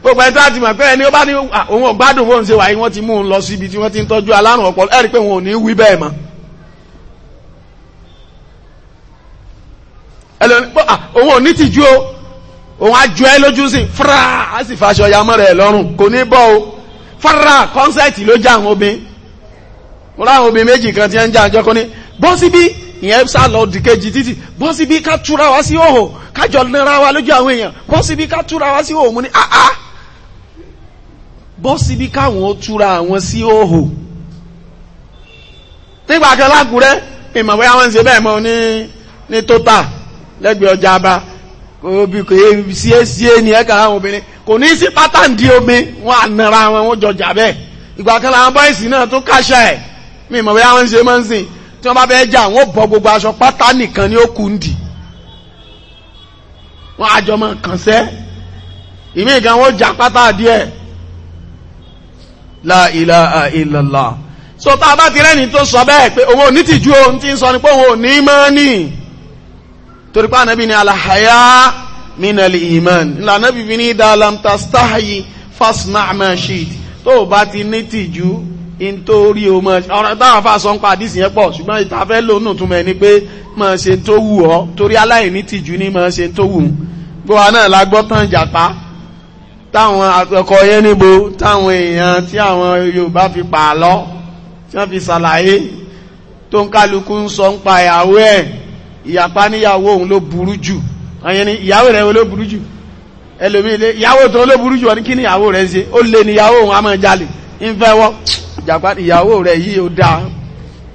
gbogbo ẹni tó àti mọ̀ pé ẹni ó bá ní òun ò gbádùn bóun ṣe wáyé wọ́n ti mú un lọ síbi tí wọ́n ti ń tọ́jú alárùn ọpọlọ ẹ̀rí pé wọn ò ní wí òun ò ní tìjú fara kọ́nsẹ̀tì ló já àwọn obìnrin mo láwọn obìnrin méjì kan ti ń já àjọkọ́ ní bọ́ síbí ìyẹn sá lọ dìkejì títì bọ́ síbí ká túra wá sí òhò kájọ nára wa lójú àwọn èèyàn bọ́ síbí ká túra wá sí òhò mo ní àá bọ́ síbí káwọn ó túra àwọn sí òhò nígbà kan lákùrẹ́ ìmọ̀wé àwọn ń mọ́ ní tóta lẹ́gbẹ̀ẹ́ ọjà abá obi kò yé síẹ́síẹ́ ni ẹ̀ka àwọn obìnrin kò ní sí pátàǹdì omi wọn ànàrà wọn wọn jọjà bẹ́ẹ̀ ìgbà kan làwọn bọ́ìsì náà tó káṣá ẹ̀ mi mọ̀ bí wọ́n ń ṣe máa ń sìn tí wọ́n bá fẹ́ jà wọ́n bọ́ gbogbo aṣọ pátá nìkan ni ó kù ń dì wọ́n àjọ máa kàn sẹ́ ìmí ìkan wọ́n jà pátá díẹ̀ la ilaha illallah so tá a bá ti rẹ́ni tó sọ bẹ́ẹ̀ pé òun ò ní tìjú òun ti sọ ni pé òun ò ní mọ́ nìyí torí pé ànábì ní alahaya minal iman ńlá ànábì fi ní idha lam tastahi fasna' ma shi'ta tó o bá ti ní tìjú nítorí o mọ̀ ọ̀rọ̀ táwọn afa sọ ń pa àdìsí yẹn pọ̀ ṣùgbọ́n ìta fẹ́ lónà tún mẹ́ ni pé mọ̀ ṣe tó wù ọ́ torí aláìní tìjú ní mọ̀ ṣe tó wù ú gbọ́wà náà la gbọ́ tán jàpá táwọn akẹ́kọ̀ọ́ yẹn níbo táwọn èèyàn tí àwọn Yorùbá fi pààlọ́ tí wọ́n fi ṣàlàyé tó ń kálukú ń sọ ń pa ìyàwó ẹ̀ ìyàpá níyàwó òun ló burú jù ọ̀yẹn ni ìyàwó rẹ̀ ló burú jù ẹlòmí ilé ìyàwó tó ló burú jù ọ ní kí ni ìyàwó rẹ̀ ṣe ó lè ní ìyàwó òun a máa jalè ń fẹ́ wọ́ ìjàpá ìyàwó rẹ̀ yìí ó dáa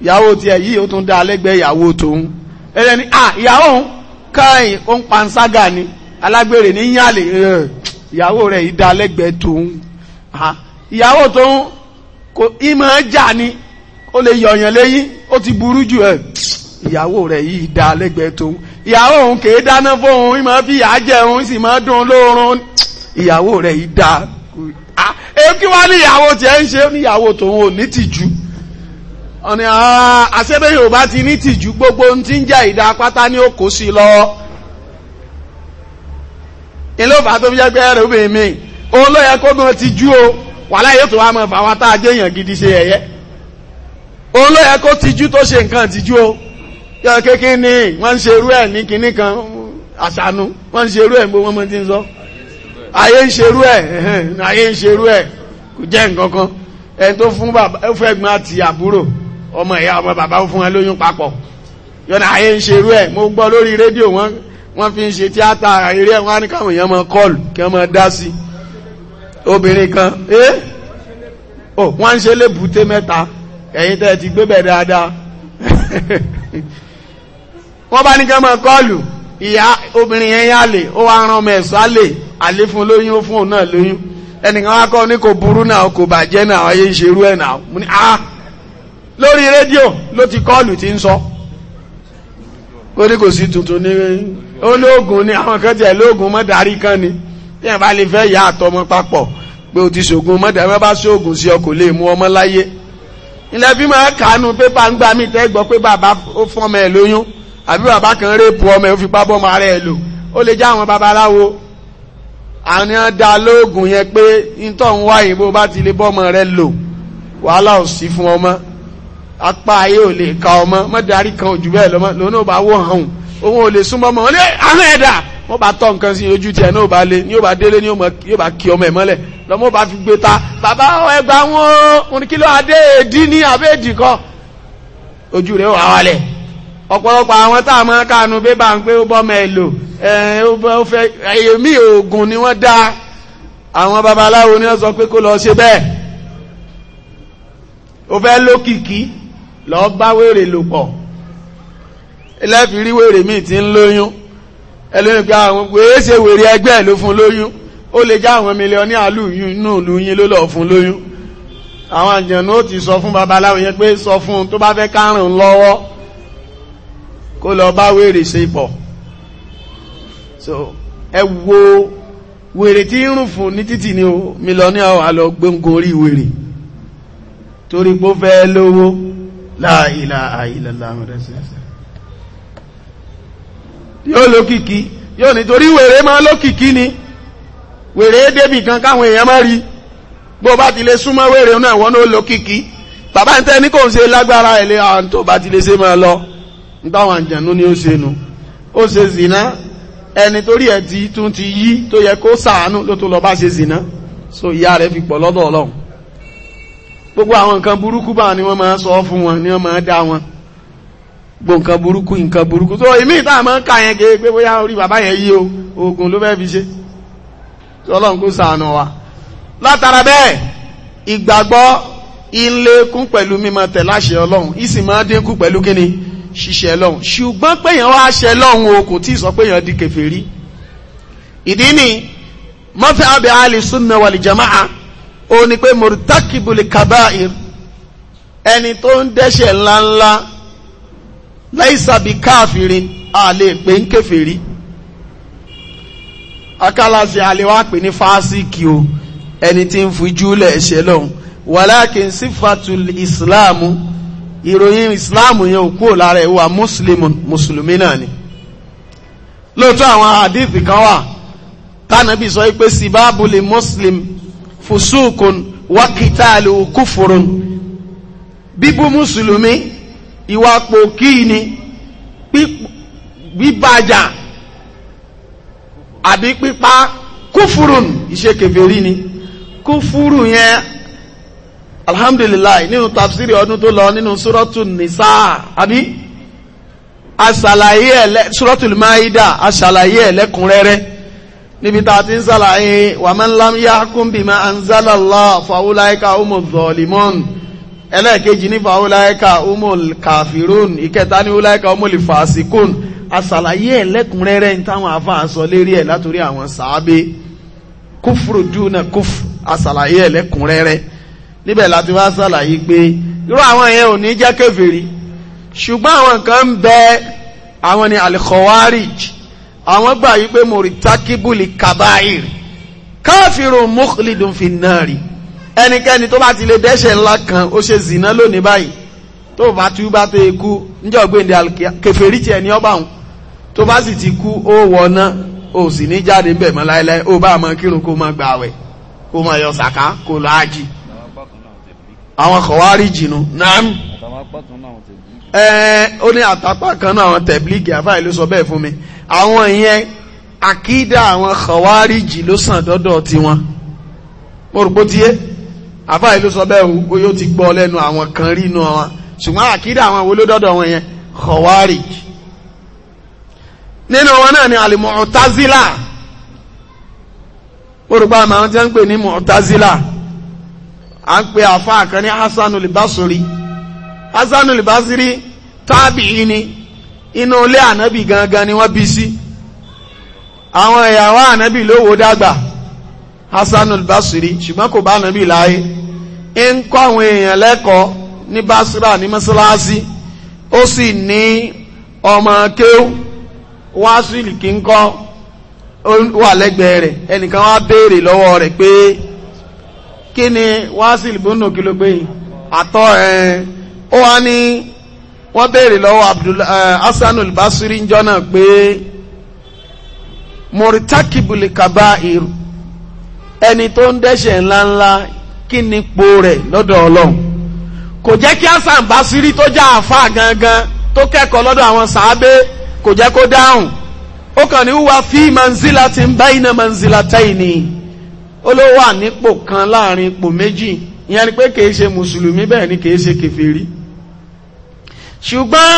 ìyàwó tiẹ̀ yìí ó tún dáa lẹ́gbẹ̀ẹ́ ìyàwó tòun ẹlẹ́ni à ìyàwó òun káyìn ó ń panṣágà ni alágbèrè ní yàlè ìyàwó rẹ̀ yìí dáa lẹ́gbẹ̀ẹ́ tòun ìyàwó tòun kò ìmọ̀ jà ni ó lè yọ̀yàn ìyàwó rẹ̀ yìí dá lẹ́gbẹ̀ẹ́ tó ìyàwó òun kèé dáná fóun ìmọ̀ fi ìyà jẹun sì mọ́ dùn lóorun ìyàwó rẹ̀ yìí dá kí wá ní ìyàwó tiẹ̀ ń ṣe níyàwó tòun ò ní tìjú ọ̀nì àṣẹ́bẹ̀ Yorùbá ti ní tìjú gbogbo ohun tí ń jẹ́ ìdá pátá ní òkó sí lọ ilé tó fi jẹ́ pé obìnrin mi òun ló yẹ kó gan tìjú o wàhálà yóò tó wá mọ̀ fáwọn tá a jẹ́ èèyàn gidi ṣe yẹ̀yẹ́ òun ló yẹ kó tìjú tó ṣe nǹkan tìjú o yọ kékeré ní wọ́n ń ṣerú ẹ̀ ní kinní kan àṣànú wọ́n ń ṣerú ẹ̀ gbogbo wọn mọ́ ti ń sọ ayé ń ṣerú ẹ̀ ayé ń ṣerú ẹ̀ kò jẹ́ nǹkan kan ẹni tó fún bàbá ó fẹ́ gbọ́n àti àbúrò ọmọ ìyá ọmọ bàbá ó fún ẹ lóyún papọ̀ yọ̀nà ayé ń ṣerú ẹ̀ mo gbọ́ lórí rédíò wọn wọ́n fi ń ṣe tíátà eré ẹ̀ wọ́n á ní káwọn èèyàn máa kọ́ọ̀lù kí wọ́n máa dá sí obìnrin kan ẹ́ eh? oh, wọ́n ń ṣe lébùté mẹ́ta ẹ̀yin tẹ́ ti gbé dáadáa wọ́n bá ní kẹ́ mọ́ kọ́ọ̀lù ìyá obìnrin yẹn yá lè ó wá ran ọmọ ẹ̀sọ́ á lè àlè fún lóyún ó fún òun náà lóyún ẹnìkan wá kọ́ ní kò burú náà kò bàjẹ́ náà ayé ń ṣerú ẹ̀ náà mo ní ah! lórí rédíò ló ti kọ́ọ̀lù ti ń sọ ní kò sí tuntun ní ni àwọn kan tiẹ̀ kan ni bá lè fẹ́ ìyá àtọmọ o ọmọ láyé pé bàbá àbí bàbá kan réèpù ọmọ ẹ̀ ó fi pá bọ́mọ ara ẹ̀ lò ó lè já àwọn babaláwo àní dá lóògùn yẹn pé ntọ́ ń wá ìbò bá ti lè bọ́mọ rẹ lò wàhálà ò sí fún ọmọ apá ayé ò lè ka ọmọ mọ́darí kan ò jù bẹ́ẹ̀ lọ́mọ lòun náà bá wọ̀ hàn òun ò lè súnmọ́ ọmọ ọlẹ́ àwọn ẹ̀dá wọ́n bá tọ́ nǹkan sí ojú tiẹ̀ náà bá lé ní yóò délé ní yóò kí ọmọ ẹ̀ mọ́lẹ̀ lọ́mọ bá fi gbé ta bàbá ẹgbàá wọn kí ló adé èdí ní àbẹ́ẹ̀dì kan ojú rẹ̀ wà wálẹ̀ ọ̀pọ̀lọpọ̀ àwọn tá a máa kánu bí bá ń pé ó bọ́mọ èlò èmi oògùn ni wọ́n dá àwọn babaláwo ni wọ́n sọ pé kó lọ ṣe bẹ́ẹ̀ ó fẹ́ lókìkí lọ bá wèrè lò pọ̀ ẹlẹ́fìrí wèrè míì ti ń lóyún ẹlẹ́yìn pé àwọn wèrè ṣe wèrè ẹgbẹ́ ló fún lóyún ó lè já àwọn mílíọ̀nì àlù inú ìlú yín ló lọ fún lóyún àwọn àjànú ó ti sọ fún babaláwo yẹn pé sọ fún un tó bá fẹ́ kárùn-ún lọ́wọ́ kó lọ bá wèrè ṣe pọ̀ so ẹ wo wèrè tí ń rùn fún ní títì ni o mílíọ̀nù àlọ́ gbóngbò orí wèrè torí pé ó fẹ́ lówó láàílà àìlàlà rẹ̀sẹ̀sẹ̀ yóò lókìkí yóò nítorí wèrè máa lókìkí ni wèrè débì kan káwọn èèyàn máa rí bó bá ti lè súnmọ́ wèrè náà wọ́n ló lókìkí bàbá ń tẹ́ ní kò ń ṣe lágbára ẹ̀lẹ́ àwọn tó bá ti lè ṣe máa lọ ntáwọn àjànú ni ó ṣe nu ó ṣe zina ẹni torí ẹ ti tún ti yí tó yẹ kó sàánú ló tó lọ bá ṣe zina so ìyá rẹ̀ fi pọ̀ lọ́dọ̀ Ọlọ́run gbogbo àwọn nǹkan burúkú bá ni wọ́n máa sọ fún wọn ni wọ́n máa dá wọn gbogbo nǹkan burúkú nǹkan burúkú tó ìmí ìta àmọ́ ká yẹn ké pé bóyá orí bàbá yẹn yí o oògùn ló fẹ́ fi ṣe Ọlọ́run kó sàánú wa látara bẹ́ẹ̀ ìgbàgbọ́ ilé kún pẹ̀lú mímọ̀ tẹ̀láṣẹ Ọlọ́run ìsìn máa dínkù pẹ̀lú kíni ṣiṣẹ́ lọ́hùn ṣùgbọ́n péyàn wá ṣẹ lọ́hùn o kò tí ì sọ péyàn di kèfèrí ìdí ni mọ́fẹ́ abẹ́ alì súnà wàlì jama'a ó ní pé mọ̀rùtákìbùlì kàbáìr ẹni tó ń dẹ́ṣẹ̀ ńláńlá láìsàbí káàfìrin a lè pè ń kèfèrí akálàsì àlewà pè ní fásíkì o ẹni tí ń fi júlẹ̀ ẹ̀ṣẹ̀ lọ́hùn wàlákin sífàtù ìsìláàmù ìròyìn islam yẹn ò kúrò lára ẹ̀ wà mùsùlùmí mùsùlùmí náà ni lóòótọ́ àwọn àdìsí kan wà tánàbí sọ pé sibábùlì muslim fùsùkùn wákìtàlù kúfùrùn bíbú mùsùlùmí ìwà pòkí ni bíbàjà àbí pípa kúfùrùn ìṣe kèfèrí ni kúfùrù yẹn alhamdulilayi nínú tafsiri ọdún tó lọ nínú suratu nisa àbí asàlàyé ẹ̀lẹ́ suratu maida asàlàyé ẹ̀lẹ́kùnrẹ́rẹ́ níbi tá a ti ń sàlàyé wa man lam yahkum bima anzala Allah fa ulaika umu zolimun ẹlẹ́ẹ̀kejì ní fa ulaika umu kafirun ìkẹta ní ulaika umu lifasikun asàlàyé ẹ̀lẹ́kùnrẹ́rẹ́ ní táwọn afa lérí ẹ̀ látòrí àwọn sàábé kúfùrù dúnà kúfù asàlàyé ẹ̀lẹ́kùnrẹ́rẹ́ níbẹ̀ láti wá sàlàyé pé irú àwọn yẹn ò ní jẹ́ kèfèrí ṣùgbọ́n àwọn kan ń bẹ àwọn ni al-khawarij àwọn gbà yí pé muritakibuli kabair káfíìrù mukhlidun fi nari ẹnikẹ́ni tó bá ti lè dẹ́ṣẹ̀ ńlá kan ó ṣe zìnà lónìí báyìí tó bá tú bá tó ikú níjọ́ gbéǹde kèfèrí tiẹ̀ ní ọba òun tó bá sì ti kú ó wọná ó sì ní jáde bẹ̀ mọ́ láéláé ó bá máa kírun kó máa gbààwẹ̀ kó máa yọ sàká kó lọ ájì àwọn kọ̀wárí jìnnú náàm ẹ̀ẹ́ ó ní àtàpá kan náà àwọn tẹ̀blígì àfáà ló sọ bẹ́ẹ̀ fún mi àwọn ìyẹn àkídà àwọn kọ̀wárí jì ló sàn dọ́dọ̀ tiwọn mo rò pó tiẹ́ àfáà ló sọ bẹ́ẹ̀ o yóò ti gbọ́ lẹ́nu àwọn kan rí inú wọn ṣùgbọ́n àkídà àwọn wo ló dọ́dọ̀ wọn yẹn kọ̀wárí nínú wọn náà ni àlìmọ̀ọ́tázílà mo rò pé àwọn tí wọ́n ń pè ní mọ̀ọ́tázílà à ń pe àfáà kan ní Hasanul Basri Hasanul Basri tábìí ni inú ilé ànábì gangan ni wọ́n bí sí àwọn ìyàwó ànábì ló wò dàgbà Hasanul Basri ṣùgbọ́n kò bá ànábì láyé ń kọ́ àwọn èèyàn lẹ́kọ̀ọ́ ní Basra ní mọ́sálásí ó sì ní ọmọ kéw wá sílì kí ń kọ́ wà lẹ́gbẹ̀ẹ́ rẹ̀ ẹnìkan wá béèrè lọ́wọ́ rẹ̀ pé kí ni wáṣìlì bónú kí ló yìí àtọ́ ẹ̀ ó wá ní wọ́n béèrè lọ́wọ́ Abdul Hasan al-Basri náà pé mọ̀rìtàkìbùlì kaba ìrù ẹni tó ń dẹ́ṣẹ̀ ńláńlá kí ni po rẹ̀ lọ́dọ̀ ọlọ́run kò jẹ́ kí Hasan tó já àfa gangan tó kẹ́kọ̀ọ́ lọ́dọ̀ àwọn sàábé kò jẹ́ kó dáhùn ó kàn ní manzila ti ń manzila tẹ́yìn ó ló kan láàrin ipò méjì ìyẹn ni pé kìí ṣe mùsùlùmí bẹ́ẹ̀ ni kìí ṣe kèfèrí ṣùgbọ́n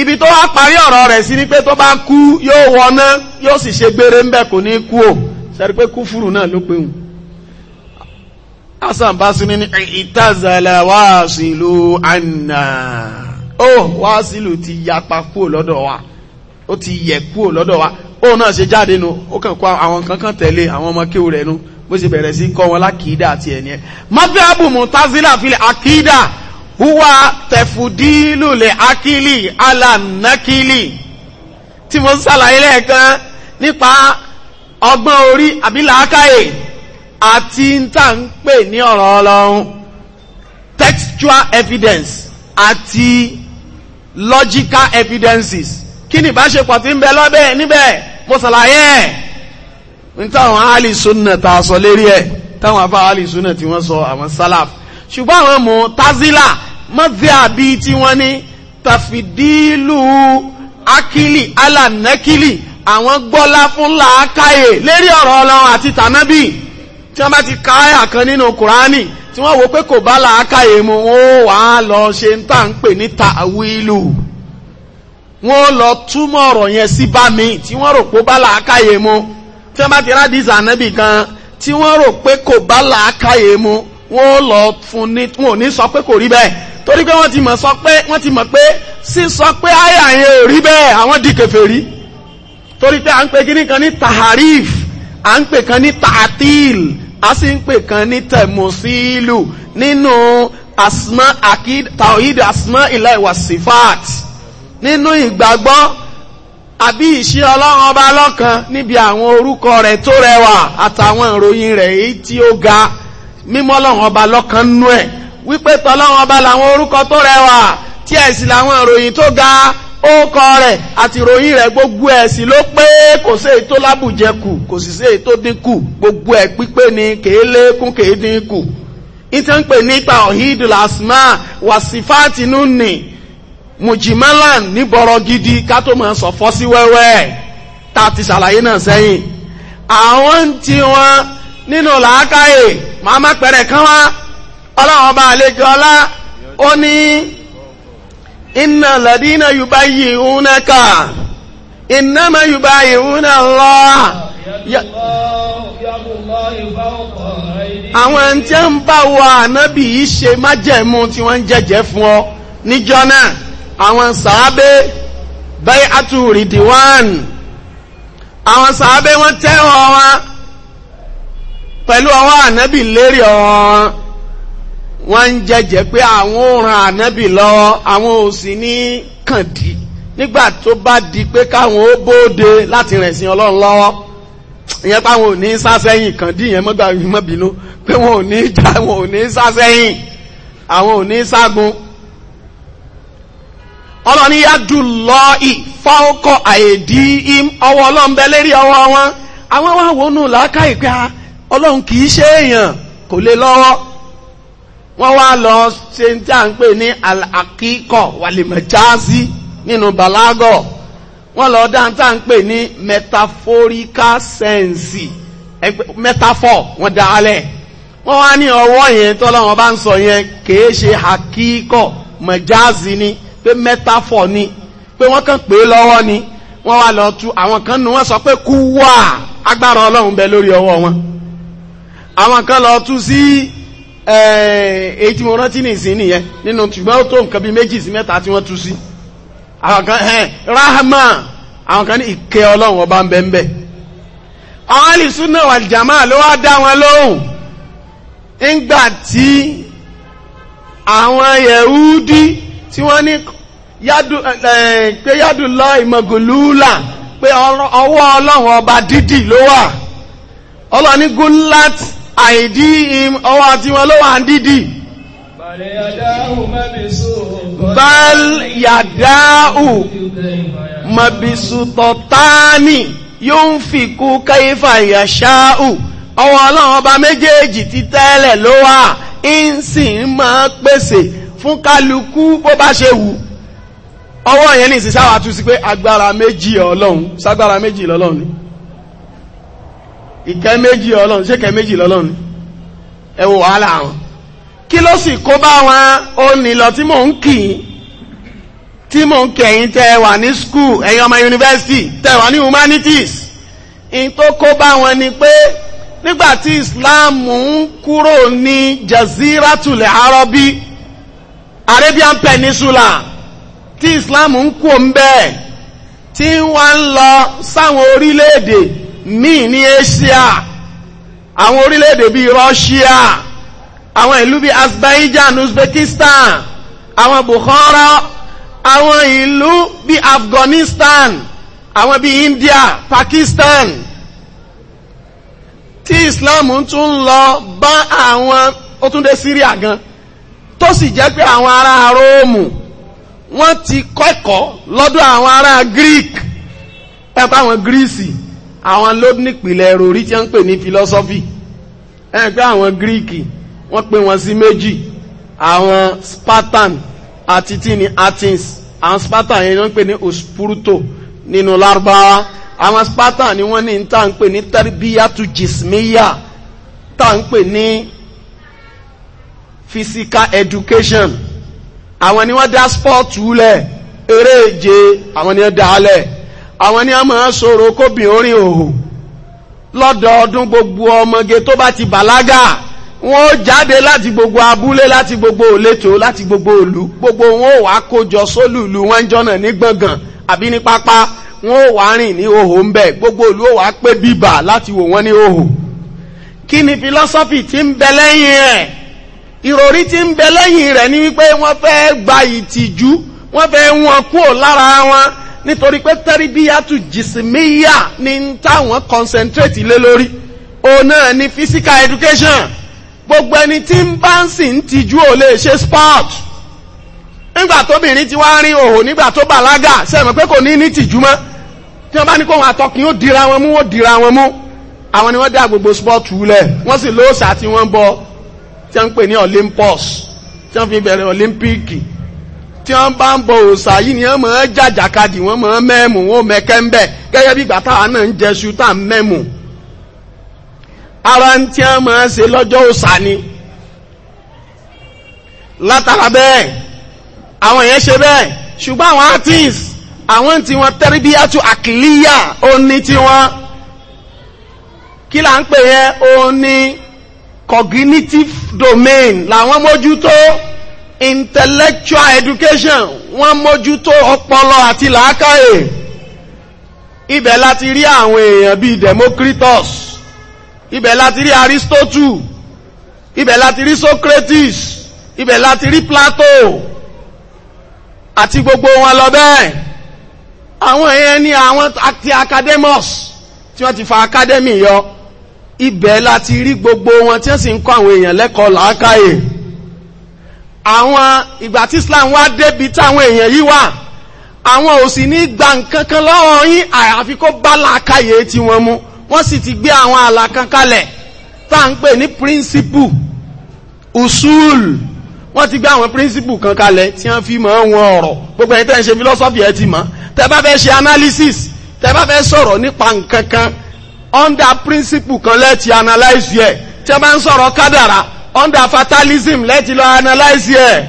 ibi tó wá parí ọ̀rọ̀ rẹ̀ sí ni pé tó bá kú yóò wọná yóò sì ṣe gbére ńbẹ kò ní kú o sẹ́rí pé kúfùrù náà ló péhùn Hasan Basri ní ìtàzàlẹ̀ wàásìlú àná ó wàásìlú ti yapa kúò lọ́dọ̀ wa ó ti yẹ kúò lọ́dọ̀ wa ó náà ṣe jáde nu ó kàn kó àwọn kankan tẹ̀lé àwọn ọmọ kéwù rẹ̀ nu bó ṣe bẹ̀rẹ̀ sí kọ́ wọn lákìídà àti ẹ̀ni ẹ̀ mazhabu mutazila fil akida huwa tẹ̀fùdílù lè akílì alànákílì tí mo ṣàlàyé lẹ́ẹ̀kan nípa ọgbọ́n orí àbí làákàyè àti níta ń pè ní ọ̀rọ̀ ọlọ́run textual evidence àti logical evidences kí ni ìbáṣepọ̀ tí ń bẹ lọ́bẹ̀ níbẹ̀ mo ṣàlàyé ẹ̀ ní táwọn áàlì súnà ta sọ lérí ẹ̀ táwọn afá áàlì súnà tí wọ́n sọ àwọn sálàf ṣùgbọ́n àwọn mú tazila madhabi tí wọ́n ní tàfìdílù akili alanakili àwọn gbọ́lá fún làákàyè lérí ọ̀rọ̀ ọlọ́run àti tànábì tí wọ́n bá ti ka àyà kan nínú kùránì tí wọ́n wò pé kò bá làákàyè mu wọ́n wà á lọ ṣe ń tà ń pè ní tàwílù wọ́n lọ túmọ̀ ọ̀rọ̀ yẹn sí bá mi tí wọ́n rò pé ó bá làákàyè mu tí wọ́n bá ti rádìsì ànábì kan tí wọ́n rò pé kò bá làákàyè mu wọ́n lọ fún ní wọn ò ní sọ pé kò rí bẹ́ẹ̀ torí pé wọ́n ti mọ̀ sọ pé wọ́n ti mọ̀ pé sísọ pé àyà yẹn ò rí bẹ́ẹ̀ àwọn di kèfèrí torí pé à ń pè kíní kan ní taharif à ń pè kan ní taatil a sì ń pè kan ní tẹ̀mùsílù nínú asma akid tawhid asma ilahi wa sifat nínú ìgbàgbọ́ àbí ìṣe ọlọ́run ọba lọ́kan níbi àwọn orúkọ rẹ̀ tó rẹwà àtàwọn ìròyìn rẹ̀ èyí tí ó ga mímọ́ ọlọ́run ọba lọ́kan nú ẹ̀ wípé tọ́lọ́run ọba làwọn orúkọ tó rẹwà tí ẹ̀ sì làwọn ìròyìn tó ga ó kọ rẹ̀ àti ìròyìn rẹ̀ gbogbo ẹ̀ sì ló pé kò sí èyí tó lábùjẹkù kò sì sí èyí tó dínkù gbogbo ẹ̀ pípé ni kèé lékún kèé dínkù ìtàn pè nípa ọ̀hídùlásímà wàsífàtìnú nì mùjìmẹ́làn níbọ̀rọ̀ gidi ká tó máa sọ fọ́ sí wẹ́wẹ́ tá a ti ṣàlàyé náà sẹ́yìn àwọn tí wọn nínú làákàyè màá má pẹ̀rẹ̀ kán wá ọlọ́run ọba àlejò ọlá ó ní iná ladina yorùbá yìí ń náka iná má yorùbá yìí ń ná lọ. àwọn tí ń bá wa ànábì yìí ṣe májẹ̀mú tí wọ́n ń jẹ́jẹ́ fún ọ níjọ́ náà àwọn sàábé bẹ́ẹ̀ àtúrì dìwán àwọn sàábé wọ́n tẹ́wọ́ wọn pẹ̀lú ọwọ́ ànábì lérí ọ̀hún wọ́n ń jẹjẹ pé àwọn ò ran ànábì lọ́wọ́ àwọn ò sì ní kàndí nígbà tó bá di pé káwọn ó bóde láti rìn sí ọlọ́run lọ́wọ́ ìyẹn páwọn ò ní sásẹ́yìn kàndí ìyẹn mọ́gbà mọ́bìnú pé wọn ò ní já àwọn ò ní ságun ọlọ́run ní yadullahi fọ́ọ̀kọ̀ àìdí ọwọ́ ọlọ́run bẹ lérí ọwọ́ wọn àwọn wá wọnú làákà ìpá ah, ọlọ́run kìí ṣe èèyàn kò lè lọ́wọ́ wọ́n wá lọ ṣe tí a ń pè ní al-aqiqo nínú balago wọn lọ dá tá ń pè ní metaphorical sense metaphor wọn dá alẹ̀ wọ́n wá ní ọwọ́ yẹn tọ́lọ́wọ́n bá ń sọ yẹn kìí ṣe pé metaphor ni pé wọ́n kàn pé lọ́wọ́ ni wọ́n wá lọ tú àwọn kan nù wọ́n sọ pé kú wà agbára ọlọ́run bẹ lórí ọwọ́ wọn àwọn kan lọ tú sí èyí tí mo rántí ní ìsìn nìyẹn nínú ṣùgbọ́n ó tó nǹkan bí méjì sí mẹ́ta tí wọ́n tú sí àwọn kan ẹ̀ rahama àwọn kan ní ìkẹ́ ọlọ́run ọba ń bẹ ń bẹ àwọn alìsúnà wàlìjàmá ló wá dá wọn lóhùn ńgbà tí àwọn yẹ̀údí tí wọ́n ní pé yádù lọ ìmọ̀gòlúùlà pé ọwọ́ ọlọ́run ọba dídì ló wà ọlọ́ni gúnlát àìdí ọwọ́ tí wọ́n ló wà ń dídì bal yàdáhù mọ̀bìsùtọ̀tánì yóò ń fi kú kẹ́yífà yàṣáhù ọwọ́ ọlọ́run ọba méjèèjì ti tẹ́lẹ̀ ló wà ń sì máa pèsè fún kálukú bó bá ṣe wù ọwọ́ yẹn ní ìsìsáwà tún sí pé agbára méjì ọlọ́run ságbára méjì lọ́lọ́run ìkẹ́ méjì ọlọ́run ṣékẹ́ méjì lọ́lọ́run ẹ wò wàhálà wọn kí ló sì kó bá wọn ó ní lọ tí mò ń kì í tí mò ń kẹ̀yìn tẹ́ wà ní skul ẹ̀yin ọmọ yunifásitì tẹ́ wà ní humanities in tó kó bá wọn ni pé nígbà tí Islam ń kúrò ní jaziratul arabi Arabian Peninsula tí Islam ń kó ń bẹ́ẹ̀ tí wọ́n ń lọ sáwọn orílẹ̀-èdè míì ní Asia àwọn orílẹ̀-èdè bíi Russia àwọn ìlú bíi Azerbaijan Uzbekistan àwọn Bukhara àwọn ìlú bíi Afghanistan àwọn bíi India Pakistan tí Islam tún lọ bá àwọn ó tún dé Syria gan tó sì jẹ́ pé àwọn ará róòmù wọ́n ti kọ́kọ́ lọ́dọ̀ àwọn ará greek ẹ̀kọ́ àwọn Greece, àwọn ló nípìnlẹ̀ rorí tí wọ́n ń pè ní philosophy ẹ̀kọ́ àwọn greek wọ́n pè wọ́n sí méjì àwọn spartan àti tí ní athens àwọn spartan yẹn wọ́n pè ní ospruto nínú lárúbáwá àwọn spartan ni wọ́n ní tá à ń pè ní tarbiyatu jismiya tá à ń pè ní physical education àwọn ni wọ́n dá spọ́ọ̀tù lẹ̀ eré ìje àwọn ni wọ́n dá lẹ̀ àwọn ni wọ́n máa sọ̀rọ̀ kóbìn orin òhò lọ́dọọdún gbogbo ọmọge tó bá ti bàlágà wọ́n ó jáde láti gbogbo abúlé láti gbogbo ìletò láti gbogbo ìlú gbogbo wọn ò wá kójọ sólùlù wọn ń ní gbọ̀ngàn àbí ní pápá wọn ò wá rìn ní òhò ń bẹ̀ gbogbo ìlú ò wá pé bíbà láti wò wọ́n ní òhò kí ni philosophy ti ń bẹ lẹ́yìn ẹ̀ ìròrí tí ń bẹ lẹ́yìn rẹ̀ ni wípé wọ́n fẹ́ gba ìtìjú wọ́n fẹ́ wọn kúrò lára wọn nítorí pé tẹ́rìbíyàtù jìsìmíyà ní táwọn concentrate lé lórí òun náà ni physical education gbogbo ẹni tí ń bá ń sì ń tijú ò lè ṣe sport nígbà tóbìnrin ti wá rí òhò nígbà tó bàlágà sẹ́mi pé kò ní ní tìjú mọ́ tí wọ́n bá ní kó wọn àtọkùn yóò dira wọn mú wọ́n dira wọn mú àwọn ni wọ́n dá gbogbo sport wulẹ̀ wọ́n sì lóòṣà tí wọ́n ń tí wọ́n pè ní Olympus tí wọ́n fi bẹ̀rẹ̀ Olympic tí wọ́n bá ń bọ òòṣà yìí ni wọ́n mọ̀ ọ́n jàjàkadì wọ́n mọ̀ ọ́n mẹ́mù wọ́n mẹ́kẹ́ ń bẹ̀ gẹ́gẹ́ bí ìgbà táwa náà ń jẹṣu tá à ń mẹ́mù ara ń tí wọ́n mọ̀ ọ́n ṣe lọ́jọ́ òòṣà ni látara bẹ́ẹ̀ àwọn yẹn ṣe bẹ́ẹ̀ ṣùgbọ́n àwọn artist àwọn tí wọ́n tẹ́rìbíyàtú àkìlíyà ó tí wọ́n kí là ń pè yẹn ó cognitive domain làwọn mójútó intellectual education wọ́n mójútó ọpọlọ àti làákàyè ibẹ̀ láti rí àwọn èèyàn bíi Democritus ibẹ̀ láti rí Aristotle ibẹ̀ láti rí Socrates ibẹ̀ láti rí Plato àti gbogbo wọn lọ bẹ́ẹ̀ àwọn èèyàn ni àwọn àti academos tí wọ́n ti fa academy yọ ibẹ̀ láti rí gbogbo wọn tí wọ́n sì ń kọ́ àwọn èèyàn lẹ́kọ̀ọ́ làákàyè àwọn ìgbà tí Islam wá débi táwọn èèyàn yìí wà àwọn ò sì ní gba nǹkan kan lọ́wọ́ yín àyàfi kó bá làákàyè tí wọ́n mú wọ́n sì ti gbé àwọn àlà kalẹ̀ tá ń pè ní príncípù usul wọ́n ti gbé àwọn príncípù kan kalẹ̀ tí wọ́n fi mọ̀ wọn ọ̀rọ̀ gbogbo ẹ̀yin tẹ́ ń ṣe philosophy ẹ ti mọ̀ tẹ́ bá fẹ́ ṣe analysis tẹ́ bá fẹ́ sọ̀rọ̀ nípa nǹkan kan under principle kan lẹ́ti analyze yẹ tí a bá ń under fatalism lẹ́ti lọ analyze yẹ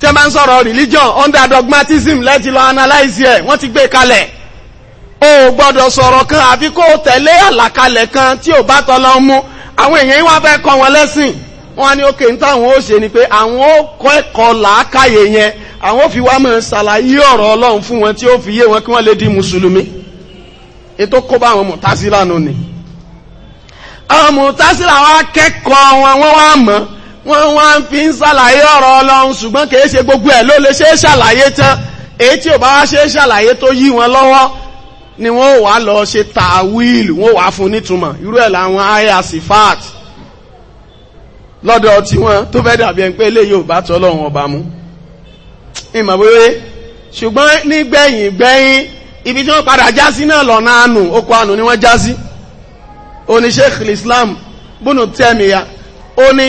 tí a bá ń religion under dogmatism lẹ́ti lọ analyze yẹ wọ́n ti gbé kalẹ̀ o gbọ́dọ̀ sọ̀rọ̀ kan àfi kó tẹ̀lé àlàkalẹ̀ kan tí o bá tọ́lọ́ mú àwọn èèyàn wá fẹ́ kọ́ wọn lẹ́sìn wọ́n ó ṣe ni pé àwọn ó kọ́ ẹ̀kọ́ làákàyè yẹn àwọn ó fi wá ṣàlàyé ọ̀rọ̀ Ọlọ́run fún wọn tí ó fi yé wọn kí di mùsùlùmí ètò kó bá àwọn mùtásílà nù ni àwọn mùtásílà wá kẹ́kọ̀ọ́ wọn wọ́n wá mọ̀ wọ́n wá ń fi ń ṣàlàyé ọ̀rọ̀ ọlọ́run ṣùgbọ́n kìí ṣe gbogbo ẹ̀ ló lè ṣe é ṣàlàyé tán èyí tí ò bá wá ṣe é ṣàlàyé tó yí wọn lọ́wọ́ ni wọ́n wá lọ ṣe tàwíìlì wọ́n wá fún nítumọ̀ irú ẹ̀ làwọn àyà sífáàtì lọ́dọ̀ tí wọ́n tó fẹ́ dàbí ẹni pé eléyìí ò bá tọ́lọ́run ọba mú ìmọ̀ wíwé ṣùgbọ́n nígbẹ̀yìn gbẹ̀yìn ibi tí wọ́n padà já sí náà lọ́nà àánú okò àánú ni wọ́n já sí oní islam bùnú tẹ́mìyà ó ní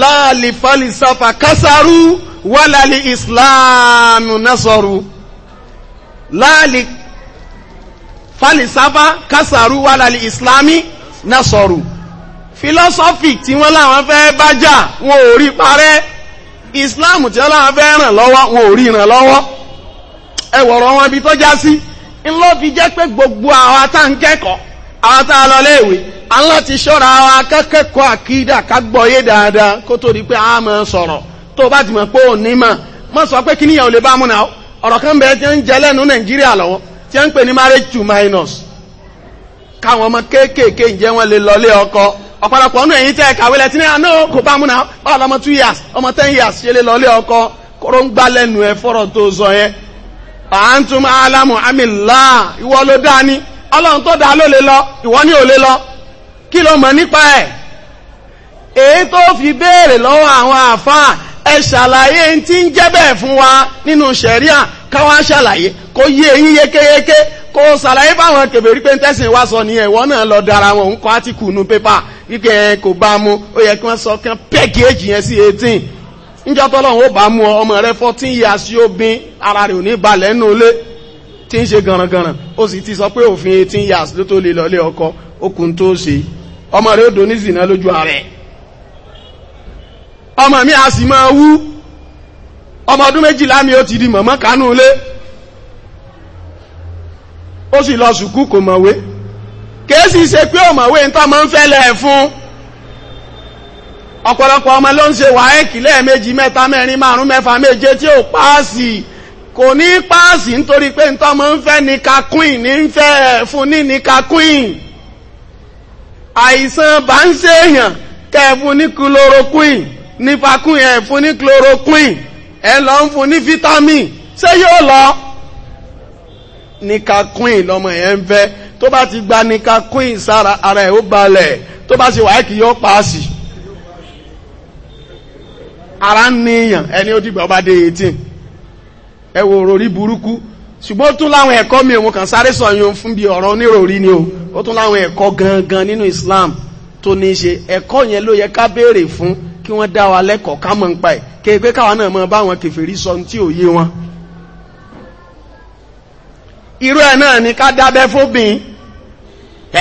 láàlì falisafa kásáru wàlàlì islam nasaru láàlì falisafa kásáru wàlàlì islami nasaru philosophy tí wọ́n láwọn fẹ́ bá jà wọn ò rí parẹ́ islam tí wọ́n láwọn fẹ́ ràn lọ́wọ́ wọn ò rí ràn lọ́wọ́ ẹwọ̀rọ̀ wọn bí tó já sí ńlọ fi jẹ́ pé gbogbo àwọn atáǹkẹ́kọ̀ọ́ àwọn tá a lọ léèwé ṣọ́ra àwọn akẹ́kẹ́kọ̀ọ́ àkídà kágbọ́yé dáadáa kó tó di pé a ya sọ̀rọ̀ tó o bá ti mọ̀ pé ò ní mọ̀ mọ̀ sọ pé kí níyàwó lè bá mú ọ̀rọ̀ kan bẹ̀rẹ̀ tí ń nàìjíríà lọ́wọ́ tí ń pè to minus káwọn ọmọ kéékèèké ǹjẹ́ wọ́n lè lọlé àǹtún alamu amìlá ìwọ ló dá ní ọlọ́run tó dá ló lè lọ ìwọ ní ò lè lọ kí ló mọ̀ nípa ẹ̀ èyí tó fi béèrè lọ́wọ́ àwọn àfáà ẹ ṣàlàyé tí ń jẹ́ bẹ́ẹ̀ fún wa nínú ṣẹ̀ríà káwá ṣàlàyé kó yé eyín yékéyéké kó ṣàlàyé fáwọn kèbèrí pé tẹ́sìn wá sọ nìyẹn ìwọ náà lọ dára wọn ń kọ́ átíkù nu pépà wípé kò bá mu ó yẹ kí wọ́n sọ kán pẹ́ẹ̀kì èjì yẹn sí eighteen níjọ́ bá mú ọmọ 14 years yóò bí ara rẹ̀ ò ní balẹ̀ tí ń ṣe gànràngànràn ó sì ti sọ pé òfin 18 years ló tó lè lọlé ọkọ okùn tó ṣe ọmọ rẹ̀ ó do ní lójú ara ọmọ mi a sì máa wú ọmọ ọdún méjìlá di mọ̀mọ́ kánú ó sì lọ sùkú kò mọ̀wé kèé sì ṣe pé ń tọ́ ọ̀pọ̀lọpọ̀ ọmọ ló ń ṣe wáẹ́kì lẹ́ẹ̀mejì mẹ́ta mẹ́rin márùn mẹ́fà méje tí ò páàsì kò ní páàsì nítorí pé ntọ́mọ ń fẹ́ ní kakuin ní ń fẹ́ fún ní ní kakuin àìsàn bá ń ṣe èèyàn kẹ́ẹ̀fún ní chloroquine ní fakuin ẹ̀ fún ní chloroquine ẹ̀ lọ ń fún ní vitamin ṣé yóò lọ ní kakuin lọmọ yẹn ń fẹ́ tó bá ti gba ní kakuin sára ara ẹ̀ ó balẹ̀ tó bá ṣe wáẹ́kì yóò páàsì ara ń níyàn ẹni ó dìgbà ọba dé 18 ẹ wo òròrí burúkú ṣùgbọ́n ó tún láwọn ẹ̀kọ́ mi òun kàn sáré sọ̀yún fún bí ọ̀rọ̀ oníròrí ni o ó tún láwọn ẹ̀kọ́ gangan nínú Islam tó ní í ṣe ẹ̀kọ́ yẹn ló yẹ ká béèrè fún kí wọ́n dá wa lẹ́kọ̀ọ́ ká mọ̀ ń pa ẹ̀ kéèpé káwa náà mọ̀ bá wọn kèfèrí sọ tí ò yé wọn irú ẹ̀ náà ni ká dábẹ́ fóbìn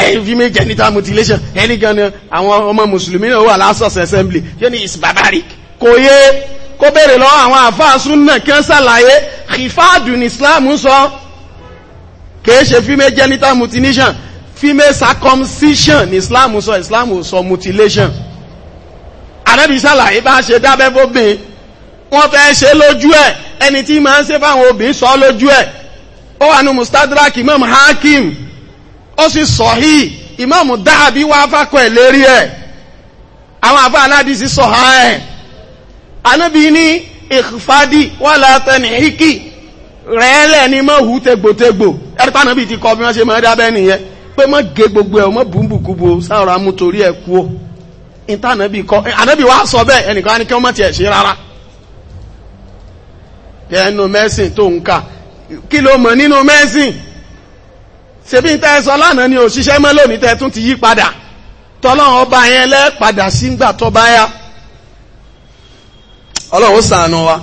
ẹ̀yìn fi méjì ẹni tá mutilation ẹni gan ni àwọn ọmọ mùsùlùmí náà wà lásọ̀sẹ̀ assembly yóò ní is barbaric kò yé kó bèèrè lọ́wọ́ àwọn àfáà súnnà kí wọ́n ṣàlàyé khifadun islam sọ kìí ṣe female genital mutilation female circumcision ní islam sọ islam sọ mutilation ànábì ṣàlàyé bá ṣe dábẹ́ fóbìn wọ́n fẹ́ ṣe lójú ẹ̀ ẹni tí máa ń ṣe fáwọn obìn sọ lójú ẹ̀ ó wà ní mustadrak imam hakim ó sì sọ̀hí imam dáàbí wá fákọ̀ ẹ̀ lérí ẹ̀ àwọn àfáà aládìsí sọ̀há ẹ̀ anábi ní ìfàdí wà látẹni hìkì rẹ̀ẹ́lẹ̀ ní mọ́ hù tegbòtegbò ẹ̀rítà anábi ti kọ bí wọ́n ṣe mọ́ dábẹ́ nìyẹn pé mọ́ gé gbogbo ẹ̀ mọ́ bùnbùkúbo sára mú torí ẹ̀ kú o ìta anábi kọ anábi wá sọ bẹ́ẹ̀ ẹnìkan á ní kí wọ́n mọ̀ tiẹ̀ ṣe rárá ẹnu mẹ́sìn tó ń kà kí ló mọ̀ nínú mẹ́sìn ṣebí ń tẹ́ sọ lánàá ni òṣìṣẹ́ mọ́ lónìí tẹ́ tún ti yí padà tọ́lọ́run ọba yẹn lẹ́ padà sí ńgbà tó bá yá ọlọ́run ṣàánú wa